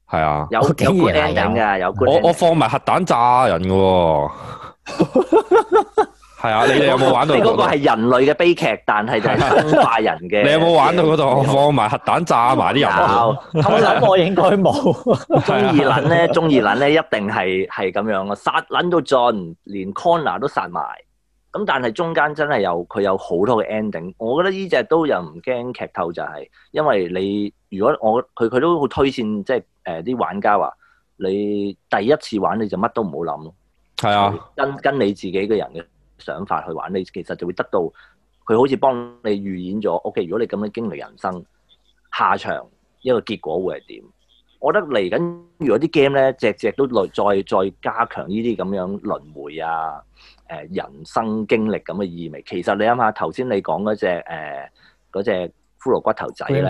係啊，有幾難頂啊，有我我放埋核彈炸人嘅。 (laughs) (laughs) 係啊，你哋有冇玩到？ (laughs) 你嗰個係人類嘅悲劇，但係就係生化人嘅。 (laughs) 你有冇玩到嗰度？放埋核彈炸埋啲人。我諗 (laughs) (laughs) 我應該冇 (laughs) (laughs) 中意撚咧，中意撚咧，一定係係咁樣咯，殺撚到盡，連 Connor 都殺埋。咁但係中間真係有佢有好多嘅 ending。我覺得呢隻都有唔驚劇透就係、是，因為你如果我佢佢都會推薦，即係誒啲玩家話，你第一次玩你就乜都唔好諗咯。係啊， (laughs) 跟跟你自己嘅人嘅。想法去玩，你其實就會得到佢好似幫你預演咗。OK，如果你咁樣經歷人生下場，一個結果會係點？我覺得嚟緊，如果啲 game 咧隻隻都再再再加強呢啲咁樣輪迴啊、誒、呃、人生經歷咁嘅意味。其實你諗下頭先你講嗰隻誒、呃、隻骷髏骨頭仔咧，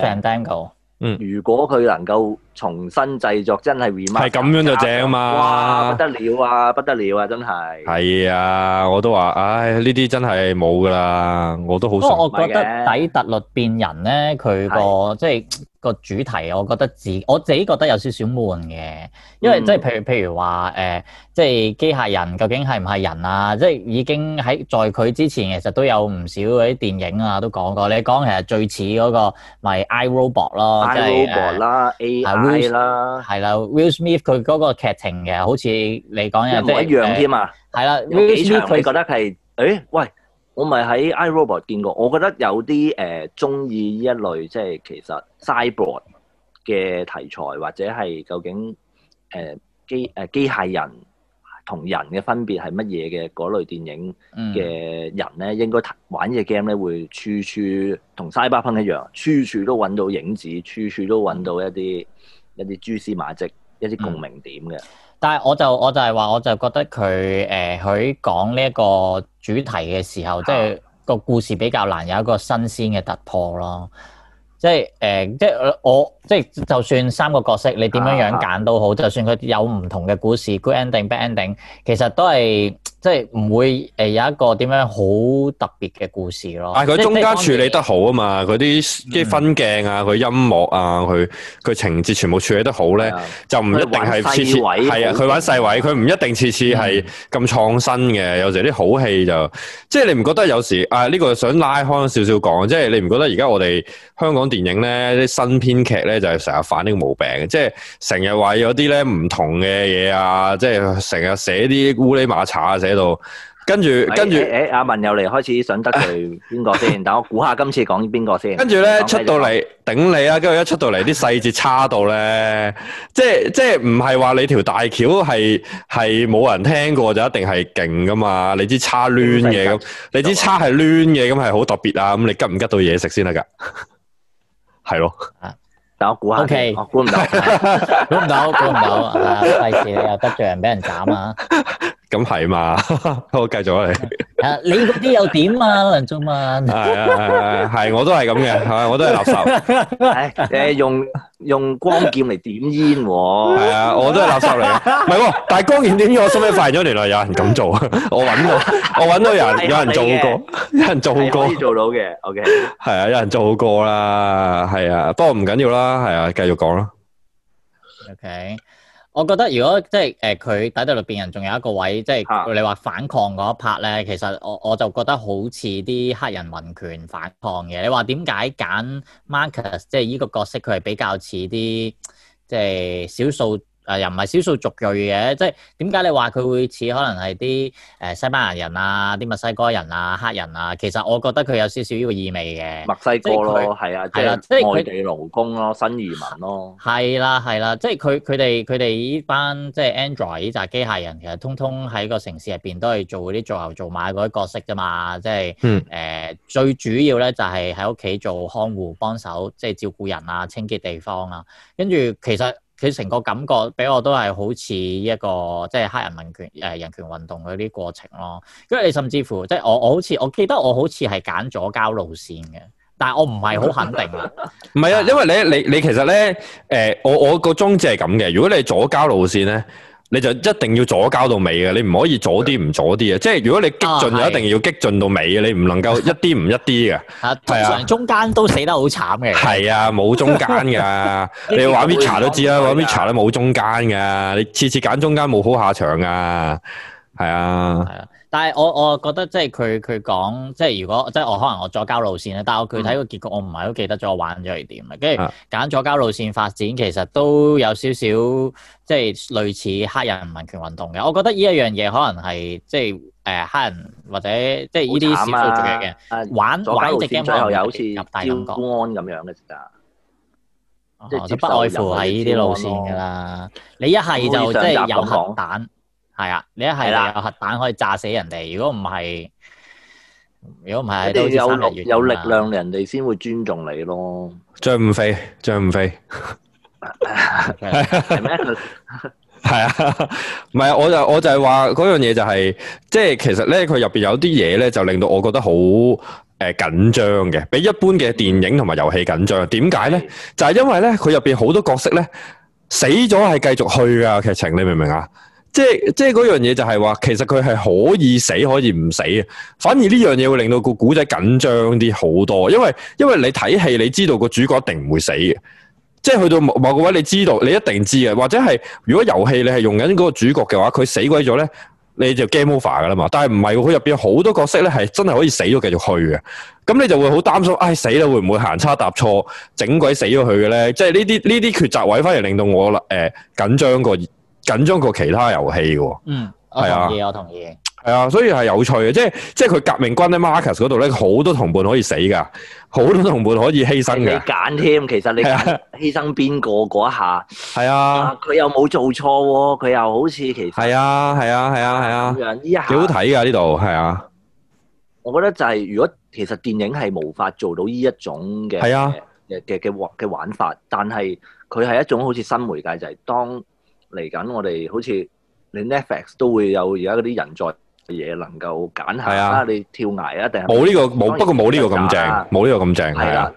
嗯、如果佢能夠，重新製作真係 remake 係咁樣就正啊嘛！哇、啊，啊、不得了啊，不得了啊，真係係啊！我都話，唉，呢啲真係冇㗎啦，我都好想，不過，我覺得《底特律變人呢》咧，佢、那個的即係個主題，我覺得自我自己覺得有少少悶嘅，因為即係譬如譬如話誒、呃，即係機械人究竟係唔係人啊？即係已經喺在佢之前，其實都有唔少啲電影啊都講過。你講其實最似嗰、那個咪、就是、iRobot 咯，iRobot 啦 AI 係啦，係啦，Will Smith 佢嗰個劇情嘅，好似你講嘅一模一樣添啊。係啦，Will Smith 佢覺得係，誒、欸，喂，我咪喺 iRobot 見過，我覺得有啲誒中意呢一類，即係其實 cyborg 嘅題材或者係究竟誒機誒機械人。同人嘅分別係乜嘢嘅，嗰類電影嘅人咧，應該玩嘅 game 咧，會處處同 Cyberpunk 一樣，處處都揾到影子，處處都揾到一啲一啲蛛絲馬跡，一啲共鳴點嘅、嗯。但係我就我就係話，我就覺得佢誒佢講呢一個主題嘅時候，的即係個故事比較難有一個新鮮嘅突破咯。即係誒、呃，即係我。即係就算三個角色，你點樣樣揀都好，就算佢有唔同嘅故事，good ending、bad ending，其實都係即係唔會誒有一個點樣好特別嘅故事咯。但係佢中間處理得好啊嘛，佢啲啲分鏡啊，佢音樂啊，佢佢情節全部處理得好咧，就唔一定係次次係啊。佢玩細位，佢唔一定次次係咁創新嘅。有時啲好戲就即係你唔覺得有時啊？呢個想拉開少少講，即係你唔覺得而家我哋香港電影咧啲新編劇咧？就係成日犯呢個毛病，即係成日話有啲咧唔同嘅嘢啊，即係成日寫啲烏里馬茶、欸欸欸、啊，寫到跟住跟住，誒，阿文又嚟開始想得罪邊個先？欸、但我估下今次講邊個先？跟住咧出到嚟頂你啊！跟住一出到嚟啲細節差到咧， (laughs) 即係即係唔係話你條大橋係係冇人聽過就一定係勁噶嘛？你知叉攣嘅，你知叉係攣嘅，咁係好特別啊！咁你拮唔拮到嘢食先得噶？係咯。我估下，OK，估唔到，估唔 (laughs) 到，估唔到， (laughs) 啊。費事你又得罪人，俾人斬啊！咁係嘛，好繼續啊你。啊，你嗰啲又點啊，梁俊文？係係係，係我都係咁嘅，係啊，我都係垃圾。誒，用用光劍嚟點煙？係啊，我都係垃圾嚟。唔係，但係光劍點煙，我心入邊快咗嚟啦。有人咁做啊？我搵到我搵到有人，有人做過，有人做過，可以做到嘅。OK，係啊，有人做過啦，係啊，不過唔緊要啦，係啊，繼續講啦。OK。我覺得如果即係誒佢底特律入邊人仲有一個位，即係你話反抗嗰一拍咧，其實我我就覺得好似啲黑人民權反抗嘅。你話點解揀 Marcus 即係呢個角色，佢係比較似啲即係少數？誒又唔係少數族裔嘅，即係點解你話佢會似可能係啲誒西班牙人啊、啲墨西哥人啊、黑人啊？其實我覺得佢有少少呢個意味嘅。墨西哥咯，係啊，即係外地勞工咯，新移民咯。係啦、啊，係啦、啊啊啊啊，即係佢佢哋佢哋呢班即係 Android 就係機械人，其實通通喺個城市入邊都係做啲做牛做馬嗰啲角色啫嘛，即係誒、嗯呃、最主要咧就係喺屋企做看護、幫手，即係照顧人啊、清潔地方啊，跟住其實。佢成個感覺俾我都係好似一個即係黑人民權誒人權運動嗰啲過程咯，因為你甚至乎即係我我好似我記得我好似係揀咗交路線嘅，但係我唔係好肯定啊。唔係 (laughs) 但 啊，因為咧你你，你其實咧誒、呃，我我個宗旨係咁嘅。如果你係咗交路線咧。你就一定要左膠到尾嘅，你唔可以左啲唔左啲嘅，即係如果你激進就一定要激進到尾嘅，哦、你唔能夠一啲唔一啲嘅。啊， (laughs) 通常中間都死得好慘嘅。係啊，冇中間噶， (laughs) 你玩 Vita、er、都知啦，玩 Vita、 (laughs) er、都冇中間噶， (laughs) 你次次揀中間冇好下場噶，係啊。但係我我覺得即係佢佢講即係如果即係我，我可能我咗交路線咧，但係我具體個結局、嗯、我唔係好記得咗我玩咗係點啦。跟住揀咗交路線發展其實都有少少即係類似黑人民權運動嘅。我覺得呢一樣嘢可能係即係誒黑人或者即係呢啲少數族嘅。玩，玩直左直路線最後又好似入大英國安咁樣嘅啫，即係不外乎喺呢啲路線㗎啦。嗯嗯嗯嗯、你一係就即係上、嗯、有核彈。係啊，你一係有核彈可以炸死人哋，如果唔係，如果唔係，即係有有力量，人哋先會尊重你咯。張五飛，張五飛，係咩？係啊，唔係啊，我就我就係話嗰樣嘢就係，即係其實咧，佢入邊有啲嘢咧，就令到我覺得好誒緊張嘅，比一般嘅電影同埋遊戲緊張。點解咧？就係因為咧，佢入邊好多角色咧死咗係繼續去啊劇情，你明唔明啊？即係即係嗰樣嘢就係話，其實佢係可以死可以唔死嘅。反而呢樣嘢會令到個古仔緊張啲好多，因為因為你睇戲，你知道個主角一定唔會死嘅。即係去到某某個位，你知道你一定知嘅。或者係如果遊戲你係用緊嗰個主角嘅話，佢死鬼咗咧，你就 game over 噶啦嘛。但係唔係佢入邊好多角色咧，係真係可以死咗繼續去嘅。咁你就會好擔心，唉、哎、死啦，會唔會行差踏錯，整鬼死咗佢嘅咧？即係呢啲呢啲抉擇位，反而令到我誒緊張過。緊張過其他遊戲嘅，嗯，係啊，我同意，係啊，所以係有趣嘅，即係即係佢革命軍喺 Markus 嗰度咧，好多同伴可以死噶，好多同伴可以犧牲嘅，你揀添，其實你犧牲邊個嗰一下，係啊，佢又冇做錯，佢又好似其實係啊，係啊，係啊，係啊，咁樣，幾好睇噶呢度，係啊，我覺得就係如果其實電影係無法做到呢一種嘅，係啊嘅嘅玩嘅玩法，但係佢係一種好似新媒介就係當。嚟緊，我哋好似你 Netflix 都會有而家嗰啲人在嘅嘢能夠揀啊，你跳崖啊定係冇呢個冇，不過冇呢個咁正，冇呢個咁正係啊。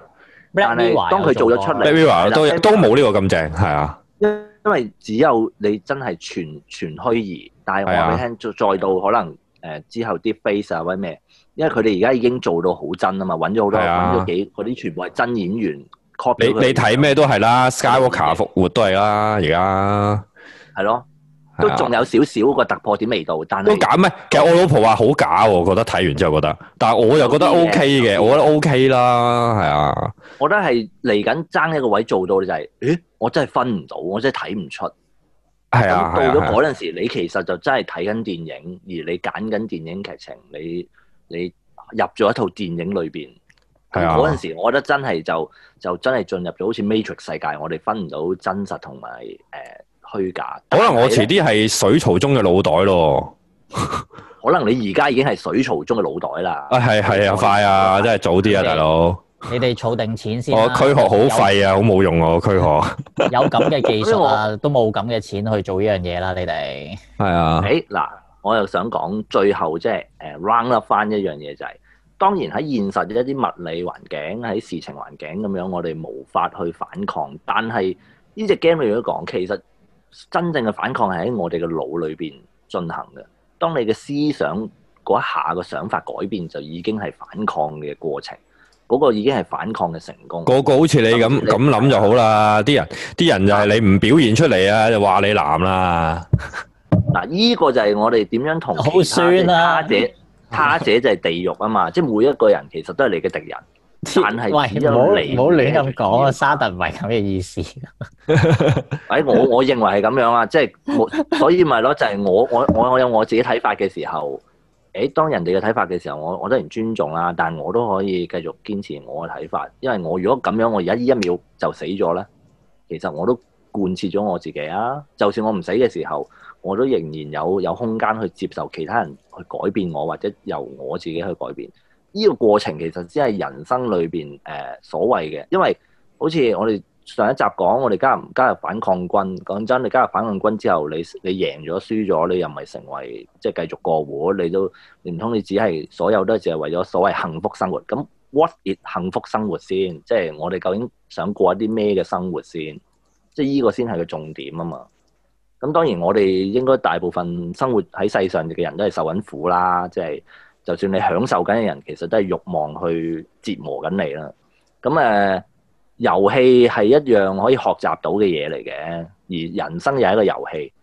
但係當佢做咗出嚟，都都冇呢個咁正係啊。因因為只有你真係全全虛擬，但係我話俾你聽，再再到可能誒之後啲 deepfake 啊或者咩，因為佢哋而家已經做到好真啊嘛，揾咗好多揾咗幾嗰啲全部係真演員。你你睇咩都係啦，Skywalker 復活都係啦，而家。係咯，都仲有少少個突破點味道，但係都假咩？其實我老婆話好假，我覺得睇完之後覺得、OK，但係我又覺得 OK 嘅，我覺得 OK 啦，係啊。我覺得係嚟緊爭一個位做到你就係、是，誒，我真係分唔到，我真係睇唔出。係啊的，到咗嗰陣時，你其實就真係睇緊電影，而你揀緊電影劇情，你你入咗一套電影裏邊，嗰陣的時我覺得真係就就真係進入咗好似 Matrix 世界，我哋分唔到真實同埋誒。呃虛假，可能我遲啲係水槽中嘅腦袋咯。可能你而家已經係水槽中嘅腦袋啦。啊、 (laughs) 哎，係係啊，快啊， (laughs) 真係早啲啊，嗯、大佬哥。你哋儲定錢先啦。我 (laughs) 軀殼好廢啊，好冇用哦，軀殼。有咁嘅技術啊， (laughs) 都冇咁嘅錢去做呢樣嘢啦、啊，你哋。係 (laughs) 啊。誒嗱、哎，我又想講最後即係誒 round up 翻一樣嘢就係、是，當然喺現實嘅一啲物理環境喺事情環境咁樣，我哋無法去反抗。但係呢隻 game 如果講，其實真正嘅反抗係喺我哋嘅腦裏邊進行嘅。當你嘅思想嗰一下個想法改變，就已經係反抗嘅過程。嗰、嗰個已經係反抗嘅成功。個個好似你咁咁諗就好啦。啲人啲人就係你唔表現出嚟啊，就話你男啦。嗱，呢個就係我哋點樣同其他、就係、他者，他者就係地獄啊嘛。即係每一個人其實都係你嘅敵人。但係，唔好理，唔好理咁講啊！為沙特唔係咁嘅意思。 (laughs) 哎，我我認為係咁樣啊，即係，所以咪咯，就係、是、我，我，我有我自己睇法嘅時候，誒、哎，當人哋嘅睇法嘅時候，我我都當然尊重啦。但我都可以繼續堅持我嘅睇法，因為我如果咁樣，我而家呢一秒就死咗咧，其實我都貫徹咗我自己啊。就算我唔死嘅時候，我都仍然有有空間去接受其他人去改變我，或者由我自己去改變。呢個過程其實只係人生裏邊誒所謂嘅，因為好似我哋上一集講，我哋加入加入反抗軍，講真，你加入反抗軍之後，你你贏咗輸咗，你又唔係成為即係繼續過活，你都唔通你，你只係所有都係淨係為咗所謂幸福生活？咁 what is 幸福生活先？即係我哋究竟想過一啲咩嘅生活先？即係呢個先係個重點啊嘛！咁當然我哋應該大部分生活喺世上嘅人都係受緊苦啦，即係。就算你享受緊嘅人，其實都係慾望去折磨緊你啦。咁誒、呃，遊戲係一樣可以學習到嘅嘢嚟嘅，而人生又係一個遊戲。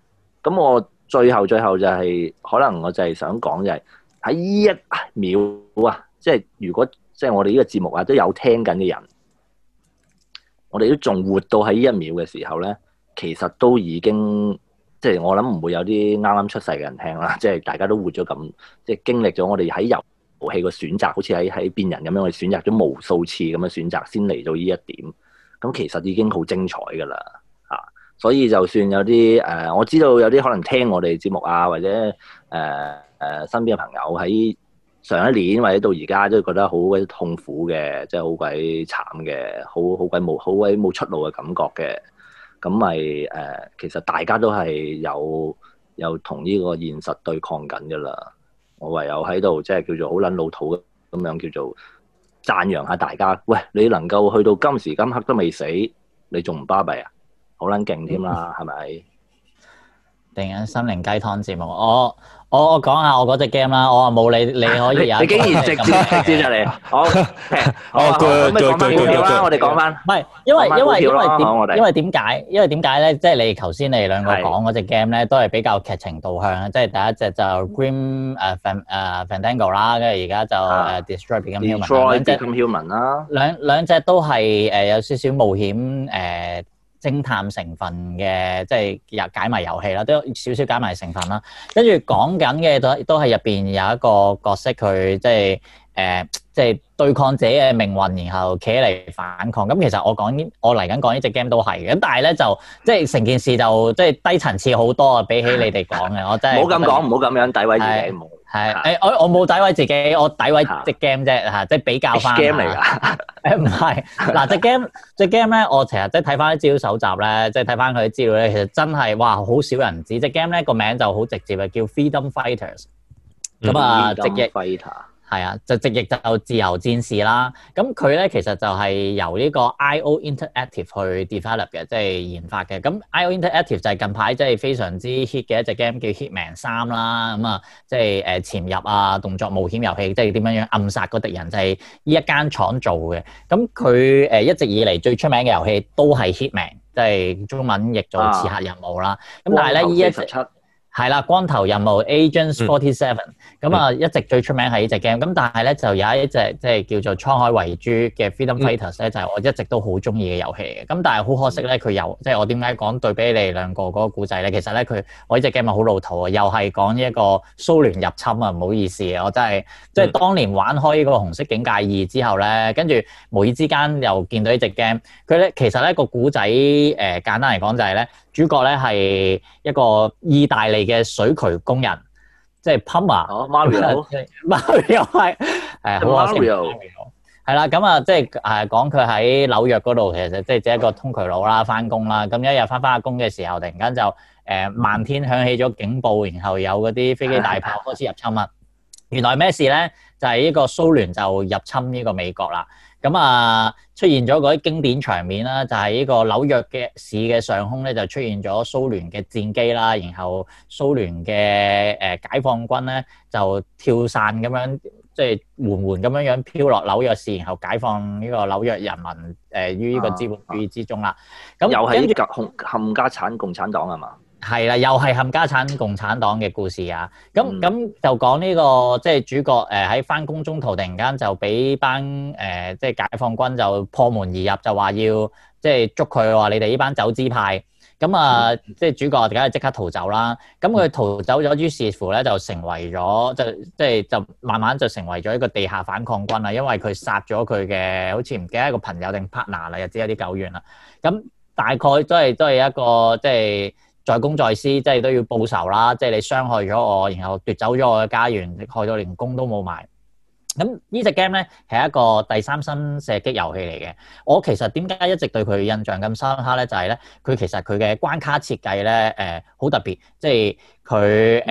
咁我最後最後就係、是，可能我就係想講就係喺呢一秒啊，即、就、係、是、如果即係、就是、我哋呢個節目啊都有聽緊嘅人，我哋都仲活到喺呢一秒嘅時候咧，其實都已經。即係我諗唔會有啲啱啱出世嘅人聽啦，即係大家都活咗咁，即係經歷咗我哋喺遊遊戲嘅選擇，好似喺喺變人咁樣去選擇咗無數次咁嘅選擇，先嚟到呢一點。咁其實已經好精彩㗎啦，嚇！所以就算有啲誒、呃，我知道有啲可能聽我哋節目啊，或者誒誒、呃呃、身邊嘅朋友喺上一年或者到而家都覺得好鬼痛苦嘅，即係好鬼慘嘅，好好鬼冇好鬼冇出路嘅感覺嘅。咁咪誒，其實大家都係有有同呢個現實對抗緊嘅啦。我唯有喺度即係叫做好撚老土咁樣叫做讚揚下大家。喂，你能夠去到今時今刻都未死，你仲唔巴閉啊？好撚勁添啦，係咪、嗯？是是定緊心靈雞湯節目，哦、oh.。我我講下我嗰隻 game 啦，我話冇你你可以呀。你竟然直接直接就你！我我講翻我哋講翻。唔係，因為因為因為點因為點解？因為點解咧？即係你頭先你兩個講嗰隻 game 咧，都係比較劇情導向，即係第一隻就《Grim》誒誒《Fandango》啦，跟住而家就《Detroit》《Become Human》兩隻《Become Human》啦，兩兩隻都係誒有少少冒險誒，偵探成分嘅，即係又解謎遊戲啦，都有少少解謎成分啦。跟住講緊嘅都都係入邊有一個角色，佢即係誒，即、呃、係、就是、對抗自己嘅命運，然後企嚟反抗。咁其實我講呢，我嚟緊講呢隻 game 都係嘅，咁但係咧就即係成件事就即係低層次好多啊，比起你哋講嘅，啊、我真係唔好咁講，唔好咁樣詆是毀啲嘢係，誒我我冇詆毀自己，我詆毀隻 game 啫，嚇的，即係比較翻。game 嚟㗎，誒唔係，嗱隻 game 隻 game 咧， (laughs) 我成日即係睇翻啲資料搜集咧，即係睇翻佢啲資料咧，其實真係哇，好少人知隻 game 咧個名就好直接嘅，叫 Freedom Fighters，咁啊，自由 fighter。係啊，就直譯就自由戰士啦。咁佢咧其實就係由呢個 IO Interactive 去 develop 嘅，即係研發嘅。咁 IO Interactive 就係近排即係非常之 hit 嘅一隻 game 叫 Hitman 三啦。咁啊，即係誒潛入啊，動作冒險遊戲，即係點樣樣暗殺個敵人，就係呢一間廠做嘅。咁佢誒一直以嚟最出名嘅遊戲都係 Hitman，即係中文譯做刺客任務啦。咁但係咧呢一隻。係啦，光頭任務 Agent 47咁啊、嗯，一直最出名係呢隻 game。咁但係咧，就有一隻即係叫做滄海遺珠嘅 Freedom Fighters 咧、嗯，就係我一直都好中意嘅遊戲嘅。咁、嗯、但係好可惜咧，佢又即係我點解講對比你兩個嗰個古仔咧？其實咧，佢我呢隻 game 咪好老土啊，又係講一個蘇聯入侵啊！唔好意思，我真係即係當年玩開呢個紅色警戒二之後咧，跟住無意之間又見到呢隻 game。佢咧其實咧個古仔誒簡單嚟講就係咧。主角咧係一個意大利嘅水渠工人，即係 Puma。哦，媽咪好，媽咪又係，誒，媽媽好啊，啦。咁、嗯、啊，即係誒、呃、講佢喺紐約嗰度，其實即係只一個通渠佬啦，翻工啦。咁一日翻翻下工嘅時候，突然間就誒漫天響起咗警報，然後有嗰啲飛機大炮開始入侵啊，啊！原來咩事咧？就係、是、呢個蘇聯就入侵呢個美國啦。咁啊，出現咗嗰啲經典場面啦，就係呢個紐約嘅市嘅上空咧，就出現咗蘇聯嘅戰機啦，然後蘇聯嘅誒解放軍咧就跳傘咁樣，即係緩緩咁樣樣飄落紐約市，然後解放呢個紐約人民誒於呢個資本主義之中啦。咁又係呢啲紅冚家產共產黨係嘛？係啦，又係冚家鏟共產黨嘅故事啊！咁咁就講呢、這個即係、就是、主角誒喺返工中途突然間就俾班誒即係解放軍就破門而入，就話要即係捉佢話你哋呢班走資派咁啊！即、就、係、是、主角梗係即刻逃走啦。咁佢逃走咗，於是乎咧就成為咗就即係、就是、就慢慢就成為咗一個地下反抗軍啦。因為佢殺咗佢嘅好似唔記得一個朋友定 partner 啦，又知有啲舊怨啦。咁大概都係都係一個即係。就是在公在私，即係都要報仇啦。即係你傷害咗我，然後奪走咗我嘅家園，害到連工都冇埋。咁呢隻 game 咧係一個第三身射擊遊戲嚟嘅。我其實點解一直對佢印象咁深刻咧？就係咧，佢其實佢嘅關卡設計咧，誒、呃、好特別。即係佢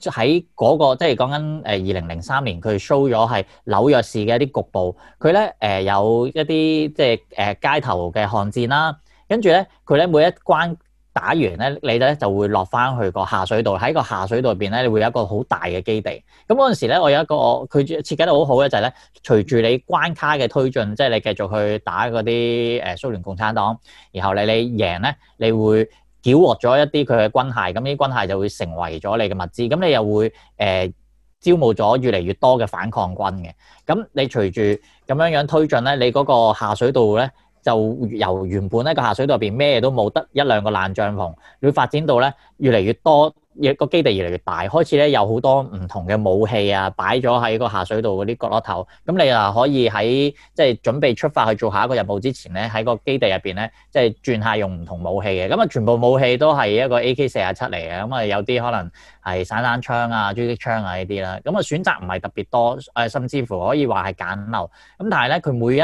誒喺嗰個，即係講緊誒二零零三年佢 show 咗喺紐約市嘅一啲局部。佢咧誒有一啲即係誒、呃、街頭嘅巷戰啦，跟住咧佢咧每一關。打完咧，你咧就會落翻去個下水道，喺個下水道入邊咧，你會有一個好大嘅基地。咁嗰陣時咧，我有一個佢設計得好好嘅就係咧，隨住你關卡嘅推進，即係你繼續去打嗰啲誒蘇聯共產黨，然後你你贏咧，你會繳獲咗一啲佢嘅軍械，咁啲軍械就會成為咗你嘅物資，咁你又會誒，呃，招募咗越嚟越多嘅反抗軍嘅。咁你隨住咁樣樣推進咧，你嗰個下水道咧。就由原本咧個下水道入邊咩都冇，得一兩個爛帳篷，會發展到咧越嚟越多，個基地越嚟越大，開始咧有好多唔同嘅武器啊，擺咗喺個下水道嗰啲角落頭。咁你啊可以喺即係準備出發去做下一個任務之前咧，喺個基地入邊咧，即係轉下用唔同武器嘅。咁啊，全部武器都係一個 AK47 嚟嘅。咁啊，有啲可能係散彈槍啊、狙擊槍啊呢啲啦。咁啊，選擇唔係特別多，誒，甚至乎可以話係簡陋。咁但係咧，佢每一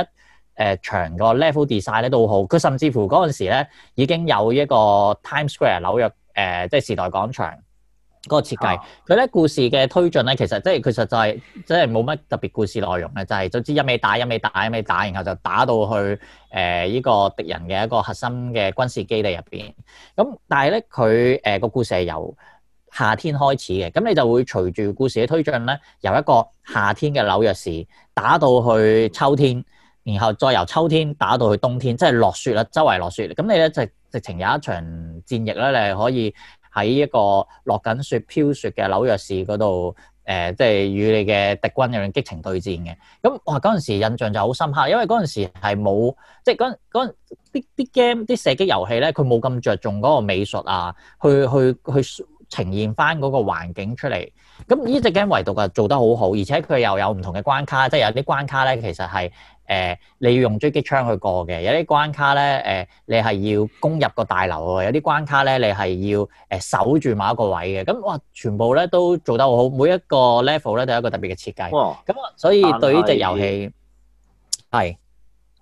誒、呃、長個 level design 咧都好，佢甚至乎嗰陣時咧已經有一個 Times Square 紐約誒、呃，即係時代廣場嗰個設計。佢咧故事嘅推進咧，其實即係佢實就係、是、即係冇乜特別故事內容咧，就係、是、總之一味打一味打一味打，打，然後就打到去誒呢、呃這個敵人嘅一個核心嘅軍事基地入邊。咁但係咧，佢誒個故事係由夏天開始嘅，咁你就會隨住故事嘅推進咧，由一個夏天嘅紐約市打到去秋天。然後再由秋天打到去冬天，即係落雪啦，周圍落雪。咁你咧就直情有一場戰役咧，你係可以喺一個落緊雪、飄雪嘅紐約市嗰度，誒、呃，即係與你嘅敵軍有啲激情對戰嘅。咁哇，嗰陣時印象就好深刻，因為嗰陣時係冇即係嗰嗰啲啲 game 啲射擊遊戲咧，佢冇咁着重嗰個美術啊，去去去呈現翻嗰個環境出嚟。咁呢隻 game 唯獨啊做得好好，而且佢又有唔同嘅關卡，即係有啲關卡咧，其實係。誒，你要用狙擊槍去過嘅，有啲關卡咧，誒，你係要攻入個大樓喎；有啲關卡咧，你係要，誒，守住某一個位嘅。咁哇，全部咧都做得好好，每一個 level 咧都有一個特別嘅設計。哇！咁所以對呢隻遊戲係，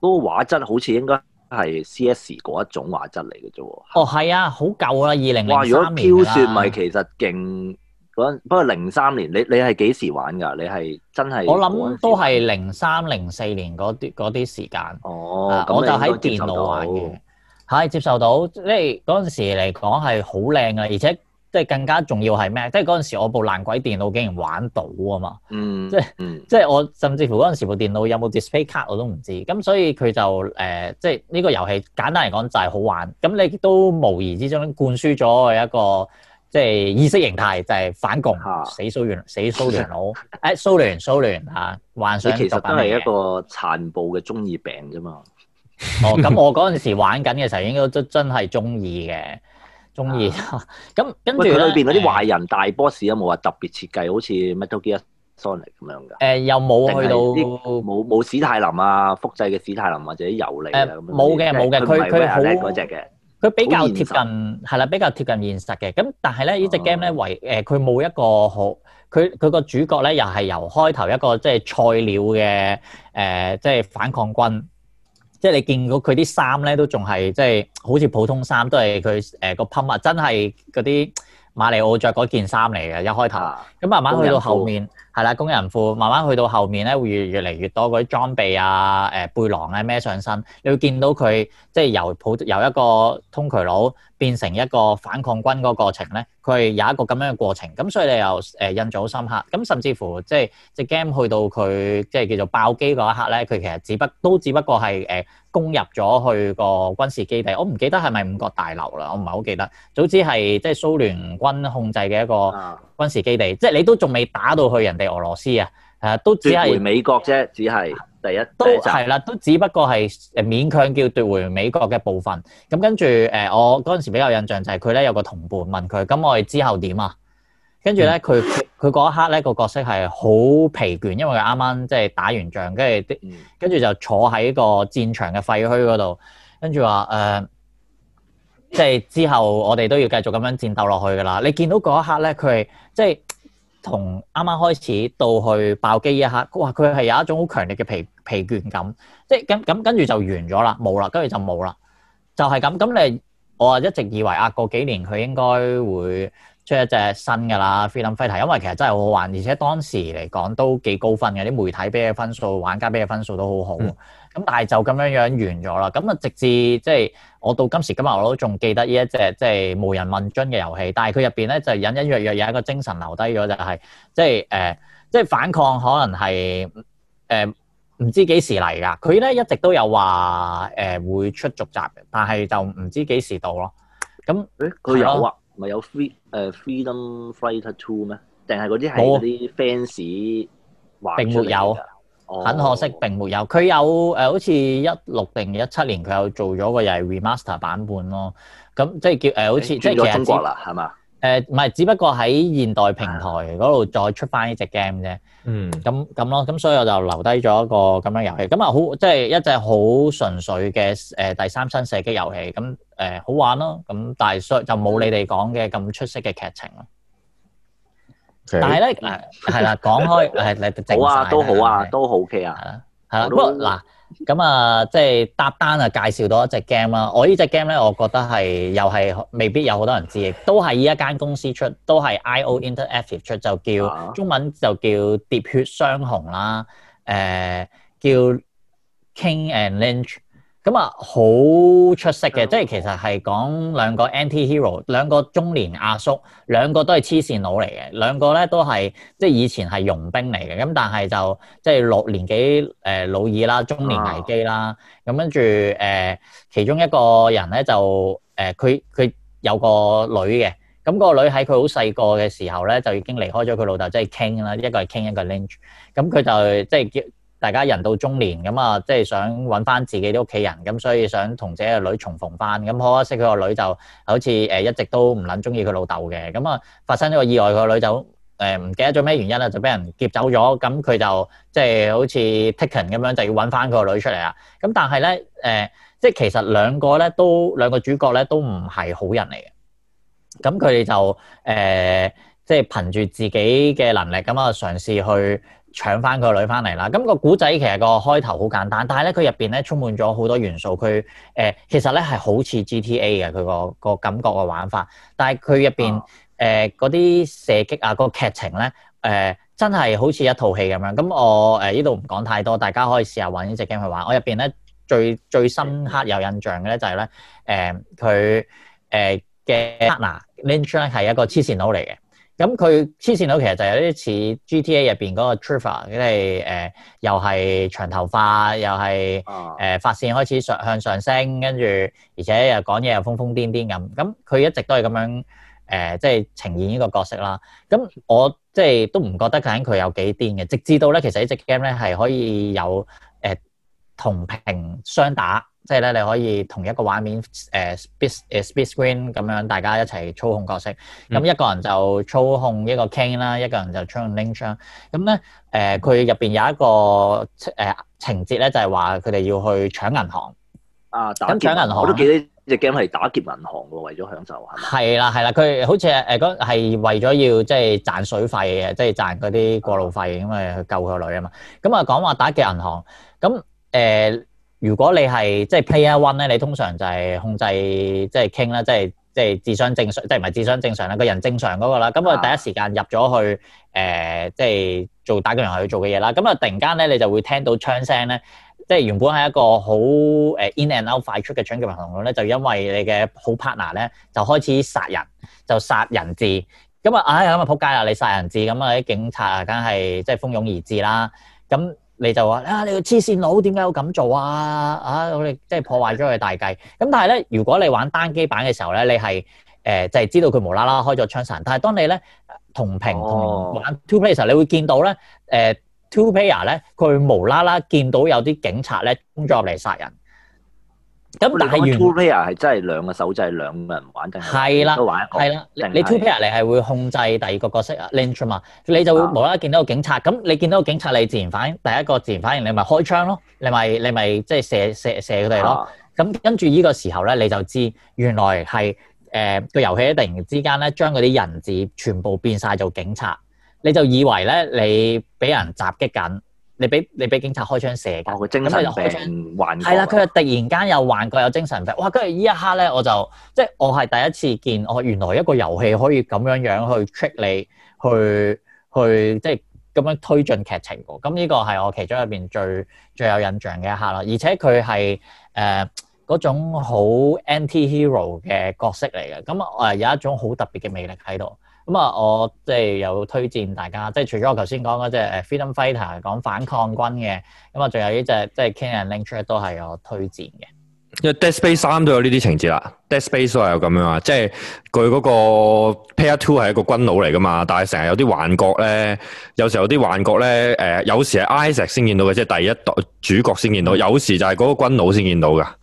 嗰畫質好似應該係 CS 嗰一種畫質嚟嘅啫喎。哦，係啊，好舊啦，二零零三年啦。哇，如果飄雪咪其實勁。不過零三年，你你係幾時玩噶？你係真係我諗都係零三零四年嗰啲啲時間。哦，我就喺電腦玩嘅，係接，接受到，即係嗰陣時嚟講係好靚嘅，而且即係更加重要係咩？即係嗰陣時我部爛鬼電腦竟然玩到啊嘛！嗯，即係、嗯、即係我甚至乎嗰陣時部電腦有冇 display card 我都唔知，咁所以佢就誒、呃、即係呢、這個遊戲簡單嚟講就係好玩。咁你都無疑之中灌輸咗一個。即係意識形態，就係、是、反共，死蘇聯，死蘇聯佬。誒、 (laughs) 哎，蘇聯，蘇聯吓，幻想你其實都係一個殘暴嘅中二病啫嘛。哦，咁、嗯、 (laughs) 我嗰陣時玩緊嘅時候，應該都真係中意嘅，中意。咁跟住咧，裏邊嗰啲壞人大 boss 都冇話特別設計，好似 Metal Gear Solid 咁樣噶。誒，又冇去到，冇冇史泰林啊，複製嘅史泰林或者遊離。冇嘅、呃，冇嘅，佢佢好。佢比較貼近係啦，比較貼近現實嘅。咁但係咧，呢隻 game 咧，唯誒佢冇一個好，佢佢個主角咧又係由開頭一個即係菜鳥嘅誒，即、呃、係、即係、反抗軍。即係你見到佢啲衫咧，都仲係即係好似普通衫，都係佢誒個噴物，真係嗰啲馬里奧着嗰件衫嚟嘅。一開頭咁慢慢去到後面。啊係啦，工人褲慢慢去到後面咧，會越嚟越多嗰啲裝備啊，誒、呃、背囊啊、孭上身，你會見到佢即係由普由一個通渠佬，變成一個反抗軍嗰過程咧，佢係有一個咁樣嘅過程。咁所以你又誒印象好深刻。咁甚至乎即係即係 game 去到佢即係叫做爆機嗰一刻咧，佢其實只不都只不過係誒攻入咗去個軍事基地。我唔記得係咪五角大樓啦，我唔係好記得。早知係即係蘇聯軍控制嘅一個軍事基地。即係你都仲未打到去人哋俄羅斯啊？誒都只係美國啫，只係。第一都係啦，了都只不過係誒勉強叫奪回美國嘅部分。咁跟住誒、呃，我嗰陣時比較印象就係佢咧有個同伴問佢，咁我哋之後點啊？跟住咧佢佢嗰一刻咧，那個角色係好疲倦，因為佢啱啱即係打完仗，跟住跟住就坐喺個戰場嘅廢墟嗰度，跟住話誒、即、呃、係、就是、之後我哋都要繼續咁樣戰鬥落去噶啦。你見到嗰一刻咧，佢即係。同啱啱開始到去爆機一刻，哇！佢係有一種好強烈嘅疲疲倦感，即係咁咁跟住就完咗啦，冇啦，跟住就冇啦，就係咁。咁你我啊一直以為啊，過幾年佢應該會出一隻新噶啦《Freedom Fighter》，因為其實真係好好玩，而且當時嚟講都幾高分嘅，啲媒體俾嘅分數、玩家俾嘅分數都好好。咁但係就咁樣樣完咗啦。咁啊，直至即係我到今時今日我都仲記得呢一隻即係無人問津嘅遊戲。但係佢入邊咧就隱隱約約有一個精神留低咗，就係、是、即係誒、呃，即係反抗可能係誒唔知幾時嚟㗎。佢咧一直都有話誒、呃、會出續集嘅，但係就唔知幾時到咯。咁誒佢有話，咪、嗯、有 free 誒 Freedom Fighter Two 咩？定係嗰啲係嗰啲 fans 玩並沒有。很、哦、可惜並沒有，佢有誒、呃、好似一六定一七年佢有做咗個又係 remaster 版本咯，咁即係叫誒、呃、好似即係重播啦係嘛？誒唔係，只不過喺現代平台嗰度再出返呢隻 game 啫。嗯，咁咁咯，咁所以我就留低咗一個咁樣遊戲，咁啊好即係一隻好純粹嘅誒、呃、第三身射擊遊戲，咁誒、呃、好玩咯，咁但係就冇你哋講嘅咁出色嘅劇情咯。Okay. (laughs) 但係咧，係、啊、啦，講開係你整啊，都好啊，都好 K 啊，係啦、啊。不過嗱，咁啊，啊，即係搭單啊，介紹到一隻 game 啦。我呢隻 game 咧，我覺得係又係未必有好多人知，亦都係依一間公司出，都係 IO Interactive 出，就叫、啊、中文就叫《喋血雙雄》啦，誒，叫 Kane and Lynch。咁啊，好、嗯、出色嘅，即係其實係講兩個 anti-hero，兩個中年阿叔，兩個都係黐線佬嚟嘅，兩個咧都係即係以前係傭兵嚟嘅，咁但係就即係六年紀誒老二啦，中年危機啦，咁跟住誒其中一個人咧就誒佢佢有個女嘅，咁、個女喺佢好細個嘅時候咧，就已經離開咗佢老豆，即係 Kane 啦，一個係 Kane，一個係 Lynch，咁佢就即係叫。大家人到中年咁啊，即係想揾翻自己啲屋企人，咁所以想同自己嘅女重逢翻。咁可惜佢個女就好似誒一直都唔撚中意佢老豆嘅。咁啊，發生一個意外，佢個女就誒唔、呃、記得咗咩原因啦，就俾人劫走咗。咁佢就即係好似 taken 咁樣，就要揾翻佢個女出嚟啦。咁但係咧誒，即、呃、係其實兩個咧都兩個主角咧都唔係好人嚟嘅。咁佢哋就誒即係憑住自己嘅能力咁啊，嘗試去。搶翻個女翻嚟啦！咁、那個古仔其實個開頭好簡單，但係咧佢入邊咧充滿咗好多元素。佢誒、呃、其實咧係好似 GTA 嘅佢個個感覺嘅玩法，但係佢入邊誒嗰啲射擊啊，嗰、那個劇情咧誒、呃、真係好似一套戲咁樣。咁我誒呢度唔講太多，大家可以試下揾呢隻 game 去玩。我入邊咧最最深刻有印象嘅咧就係、是、咧誒、呃、佢誒嘅、呃、partner Lynch 係一個黐線佬嚟嘅。咁佢黐線到，其實就有啲似 GTA 入邊嗰個 Truffa，佢、呃、係誒又係長頭髮，又係誒髮線開始上向上升，跟住而且又講嘢又瘋瘋癲癲咁。咁佢一直都係咁樣誒、呃，即、呃、係、呃、呈現呢個角色啦。咁我即係都唔覺得緊佢有幾癲嘅，直至到咧，其實呢隻 game 咧係可以有誒、呃、同屏雙打。即係咧，你可以同一個畫面誒、呃、，split screen 咁樣，大家一齊操控角色。咁、嗯、一個人就操控一個 Kane 啦，一個人就操控 Lynch。咁咧誒，佢入邊有一個誒、呃、情節咧，就係話佢哋要去搶銀行。啊！打劫行我都記得隻 game 係打劫銀行喎，為咗享受係。係啦係啦，佢好似誒嗰係為咗要即係賺水費嘅，即、就、係、是、賺嗰啲過路費咁啊，因為去救佢個女啊嘛。咁、嗯、啊，講話打劫銀行咁誒。如果你係即係 player one 咧，你通常就係控制即係 Kane 啦，即係即係智商正常，即係唔係智商正常啦，個人正常嗰個啦。咁啊，第一時間入咗去誒、呃，即係做打機平台去做嘅嘢啦。咁啊，突然間咧，你就會聽到槍聲咧，即係原本係一個好誒 in and out 快速嘅搶劫行動咧，就因為你嘅好 partner 咧，就開始殺人，就殺人質。咁啊，唉咁啊，仆街啦！你殺人質，咁啊啲警察梗係即係蜂擁而至啦。咁你就話啊，你個黐線佬點解要咁做啊？啊，我哋即係破壞咗佢大計。咁但係咧，如果你玩單機版嘅時候咧，你係誒就係知道佢無啦啦開咗槍神。但係當你咧同屏同玩 two player 嘅時候，你會見到咧誒 two player 咧，佢無啦啦見到有啲警察咧衝咗入嚟殺人。咁但係 Two Player 係真係兩個手掣就係兩個人玩緊，係啦，係啦的。你 Two Player 你係會控制第二個角色啊 Lynch 嘛，的你就會無啦啦見到個警察，咁你見到個警察，你自然反應，第一個自然反應，你咪開槍咯，你咪你咪即係射射射佢哋咯。咁跟住呢個時候咧，你就知原來係誒個遊戲咧突然之間咧將嗰啲人質全部變晒做警察，你就以為咧你俾人襲擊緊。你俾你俾警察開槍射㗎，咁佢就開槍，係啦，佢就突然間又幻覺，有精神病。哇！跟住呢一刻咧，我就即係、就是、我係第一次見，我原來一個遊戲可以咁樣樣去 trick 你，去去即係咁樣推進劇情㗎。咁呢個係我其中入邊最最有印象嘅一刻啦。而且佢係誒嗰種好 anti-hero 嘅角色嚟嘅。咁誒有一種好特別嘅魅力喺度。咁啊，我即係有推薦大家，即係除咗我頭先講嗰隻誒《Freedom Fighter》講反抗軍嘅，咁啊，仲有呢隻即係《Kane & Lynch》都係我推薦嘅。因為《Dead Space》三都有呢啲情節啦，《Dead Space》都係有咁樣啊，即係佢嗰個 Pair Two 係一個軍佬嚟噶嘛，但係成日有啲幻覺咧，有時候有啲幻覺咧，誒、呃，有時係 Isaac 先見到嘅，即係第一代主角先見到，有時就係嗰個軍佬先見到噶。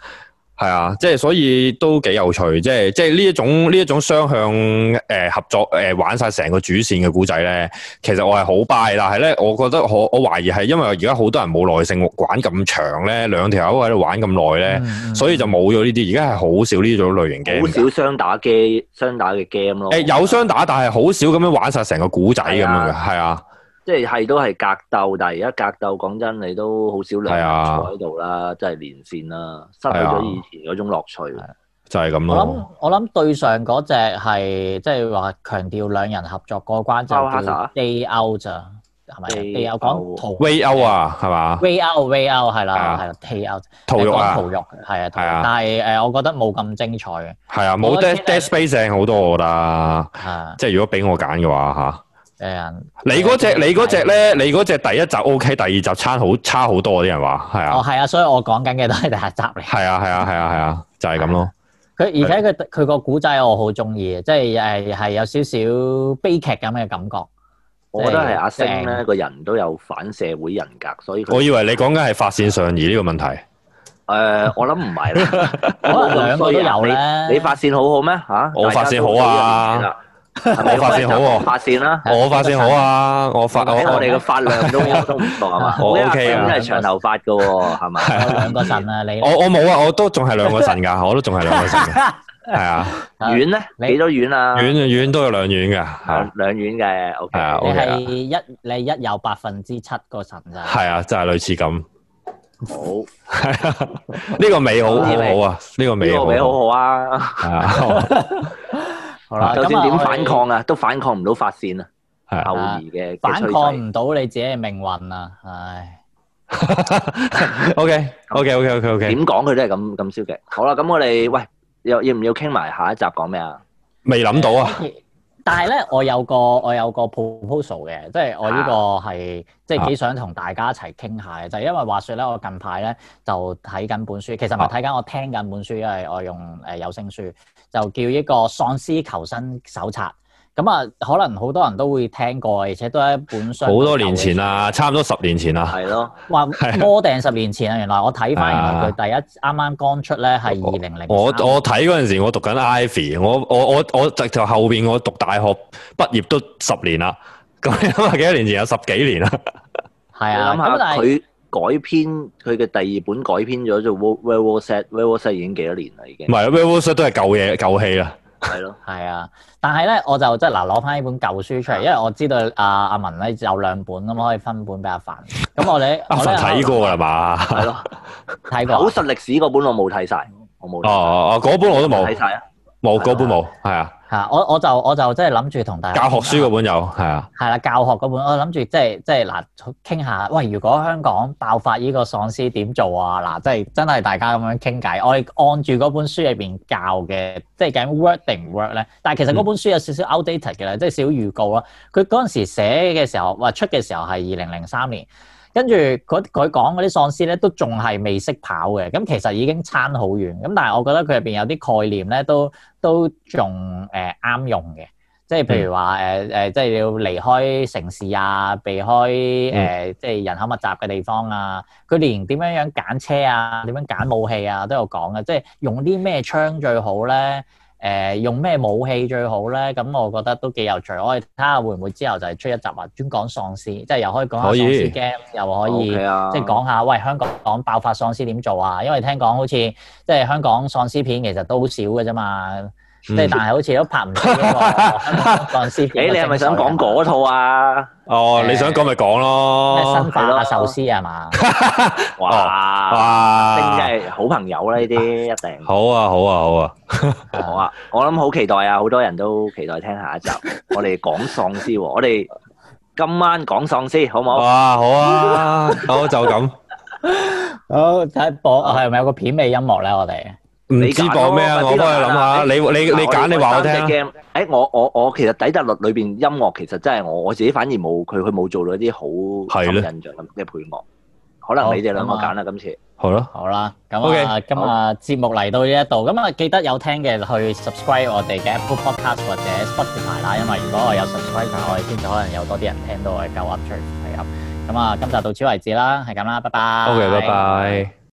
係啊，即係所以都幾有趣，即係即係呢一種呢一種雙向誒、呃、合作誒、呃、玩晒成個主線嘅古仔咧，其實我係好 buy 但係咧，我覺得我我懷疑係因為而家好多人冇耐性玩咁長咧，兩條友喺度玩咁耐咧，嗯、所以就冇咗呢啲，而家係好少呢種類型嘅，好少雙打 game 雙打嘅 game 咯。誒、呃，有雙打，但係好少咁樣玩晒成個古仔咁樣嘅，係啊的。即係係都係格鬥，但係而家格鬥講真，你都好少兩人坐喺度啦，即係、啊、連線啦，失去咗以前嗰種樂趣，啊、就係咁咯。我諗我諗對上嗰隻係即係話強調兩人合作過關就叫 Day Out 咋？係咪 Day Out 講屠？Way Out 啊，係嘛 Way Out Way Out 係啦，係啦，T 歐啊，屠 day out. 肉係啊，係啊，但係誒、啊，我覺得冇咁精彩嘅。係 (laughs) 啊，冇 Dead Dead Space 好多我啦，即係如果俾我揀嘅話吓。誒，你嗰隻，你嗰隻咧，你嗰隻第一集 OK，第二集差好差好多啲人話，係啊。哦，係啊，所以我講緊嘅都係第一集嚟。係啊，係啊，係啊，係啊，就係咁咯。佢而且佢佢個古仔我好中意即係，誒，係有少少悲劇咁嘅感覺。我覺得係阿星咧，個人都有反社會人格，所以。我以為你講緊係髮線上移呢個問題。誒，我諗唔係啦，我諗兩個都有咧。你髮線好好咩？吓，我髮線好啊。係咪髮線好？髮線啦，我髮線好啊，我髮我哋嘅髮量都都唔錯係嘛？我 OK 啊，我係長頭髮噶係嘛？兩個腎啊，你我我冇啊，我都仲係兩個腎噶，我都仲係兩個腎，係啊。丸咧，你都丸啊？丸啊，丸都有兩丸噶，兩丸嘅 OK 啊。你係一，你一有百分之七個腎咋？係啊，真係類似咁。好，呢個尾好好啊，呢個尾好好啊。係啊。好啦，就算點反抗啊，都反抗唔到髮線啊，后兒嘅反抗唔到你自己嘅命運啊，唉，OK OK OK OK OK，點講佢都係咁咁消極。好啦，咁我哋喂，又要唔要傾埋下一集講咩啊？未諗到啊。但係咧，我有個我有個 proposal 嘅，即係我呢個係即係幾想同大家一齊傾下嘅。啊、就係因為話説咧，我近排咧就睇緊本書，其實唔係睇緊，我聽緊本書，因為我用誒有聲書，就叫一個《喪屍求生手冊》。咁啊，可能好多人都會聽過，而且都係一本書。好多年前啦，差唔多十年前啦。係咯，話摩定十年前啊，原來我睇翻佢第一啱啱剛出咧係二零零。我我睇嗰陣時，我讀緊 Ivy，我我我我直頭後邊我讀大學畢業都十年啦，咁啊幾多年前有十幾年啦。係啊，你諗下佢改編佢嘅第二本改編咗做《World War Z World War Z》已經幾多年啦？已經唔係《World War Z》都係舊嘢舊戲啦。係咯，係啊，但係咧，我就即係嗱，攞翻呢本舊書出嚟，因為我知道阿阿、啊、文咧有兩本吖嘛，以可以分本俾阿凡。咁我哋， (laughs) 啊、我咧呢睇過係嘛？係咯，睇過。 (laughs) 好實歷史嗰本我冇睇晒，我冇。哦哦哦，嗰、啊、本我都冇睇晒啊，冇嗰本冇，係啊的。的啊！我我就我就即係諗住同大家教學書嗰本有，係啊，係啦，教學嗰本，我諗住即係即係嗱，傾下，喂，如果香港爆發呢個喪屍點做啊？嗱，即係真係大家咁樣傾偈，我按住嗰本書入邊教嘅，即係究竟 work 定唔 work 咧？但係其實嗰本書有少少 outdated 嘅啦，嗯、即係少少預告啦。佢嗰陣時寫嘅時候，或出嘅時候係二零零三年。跟住佢佢講嗰啲喪屍咧，都仲係未識跑嘅。咁其實已經差好遠。咁但係我覺得佢入邊有啲概念咧，都都仲誒啱用嘅。即係譬如話誒誒，即係要離開城市啊，避開誒、呃、即係人口密集嘅地方啊。佢連點樣樣揀車啊，點樣揀武器啊都有講嘅。即係用啲咩槍最好咧？誒用咩武器最好咧？咁我覺得都幾有趣，我哋睇下會唔會之後就係出一集話專講喪屍，即係又可以講，講喪屍 game，以又可以 Okay. 即係講下喂，香港講爆發喪屍點做啊？因為聽講好似即係香港喪屍片其實都好少嘅啫嘛。即係，但係好似都拍唔完呢個殭屍片。誒，你係咪想講嗰套啊？哦，你想講咪講咯，生化壽司啊嘛。哇！真係好朋友啦，呢啲一定。好啊，好啊，好啊，好啊！我諗好期待啊，好多人都期待聽下一集。我哋講喪屍，我哋今晚講喪屍，好唔好？哇，好啊，好就咁。好，睇播係咪有個片尾音樂咧？我哋。唔知講咩啊？我幫你諗下，你你你揀，你話我聽。誒，我我我其實《底特律》裏邊音樂其實真係我我自己反而冇佢佢冇做到一啲好深印象咁嘅配樂。可能你哋兩個揀啦，今次。好咯。好啦，咁啊，今日節目嚟到呢一度，咁啊，記得有聽嘅去 subscribe 我哋嘅 Apple Podcast 或者 Spotify 啦。因為如果我有 subscriber，我哋先至可能有多啲人聽到我哋嘅 update 係咁。咁啊，今集到此為止啦，係咁啦，拜拜。O K，拜拜。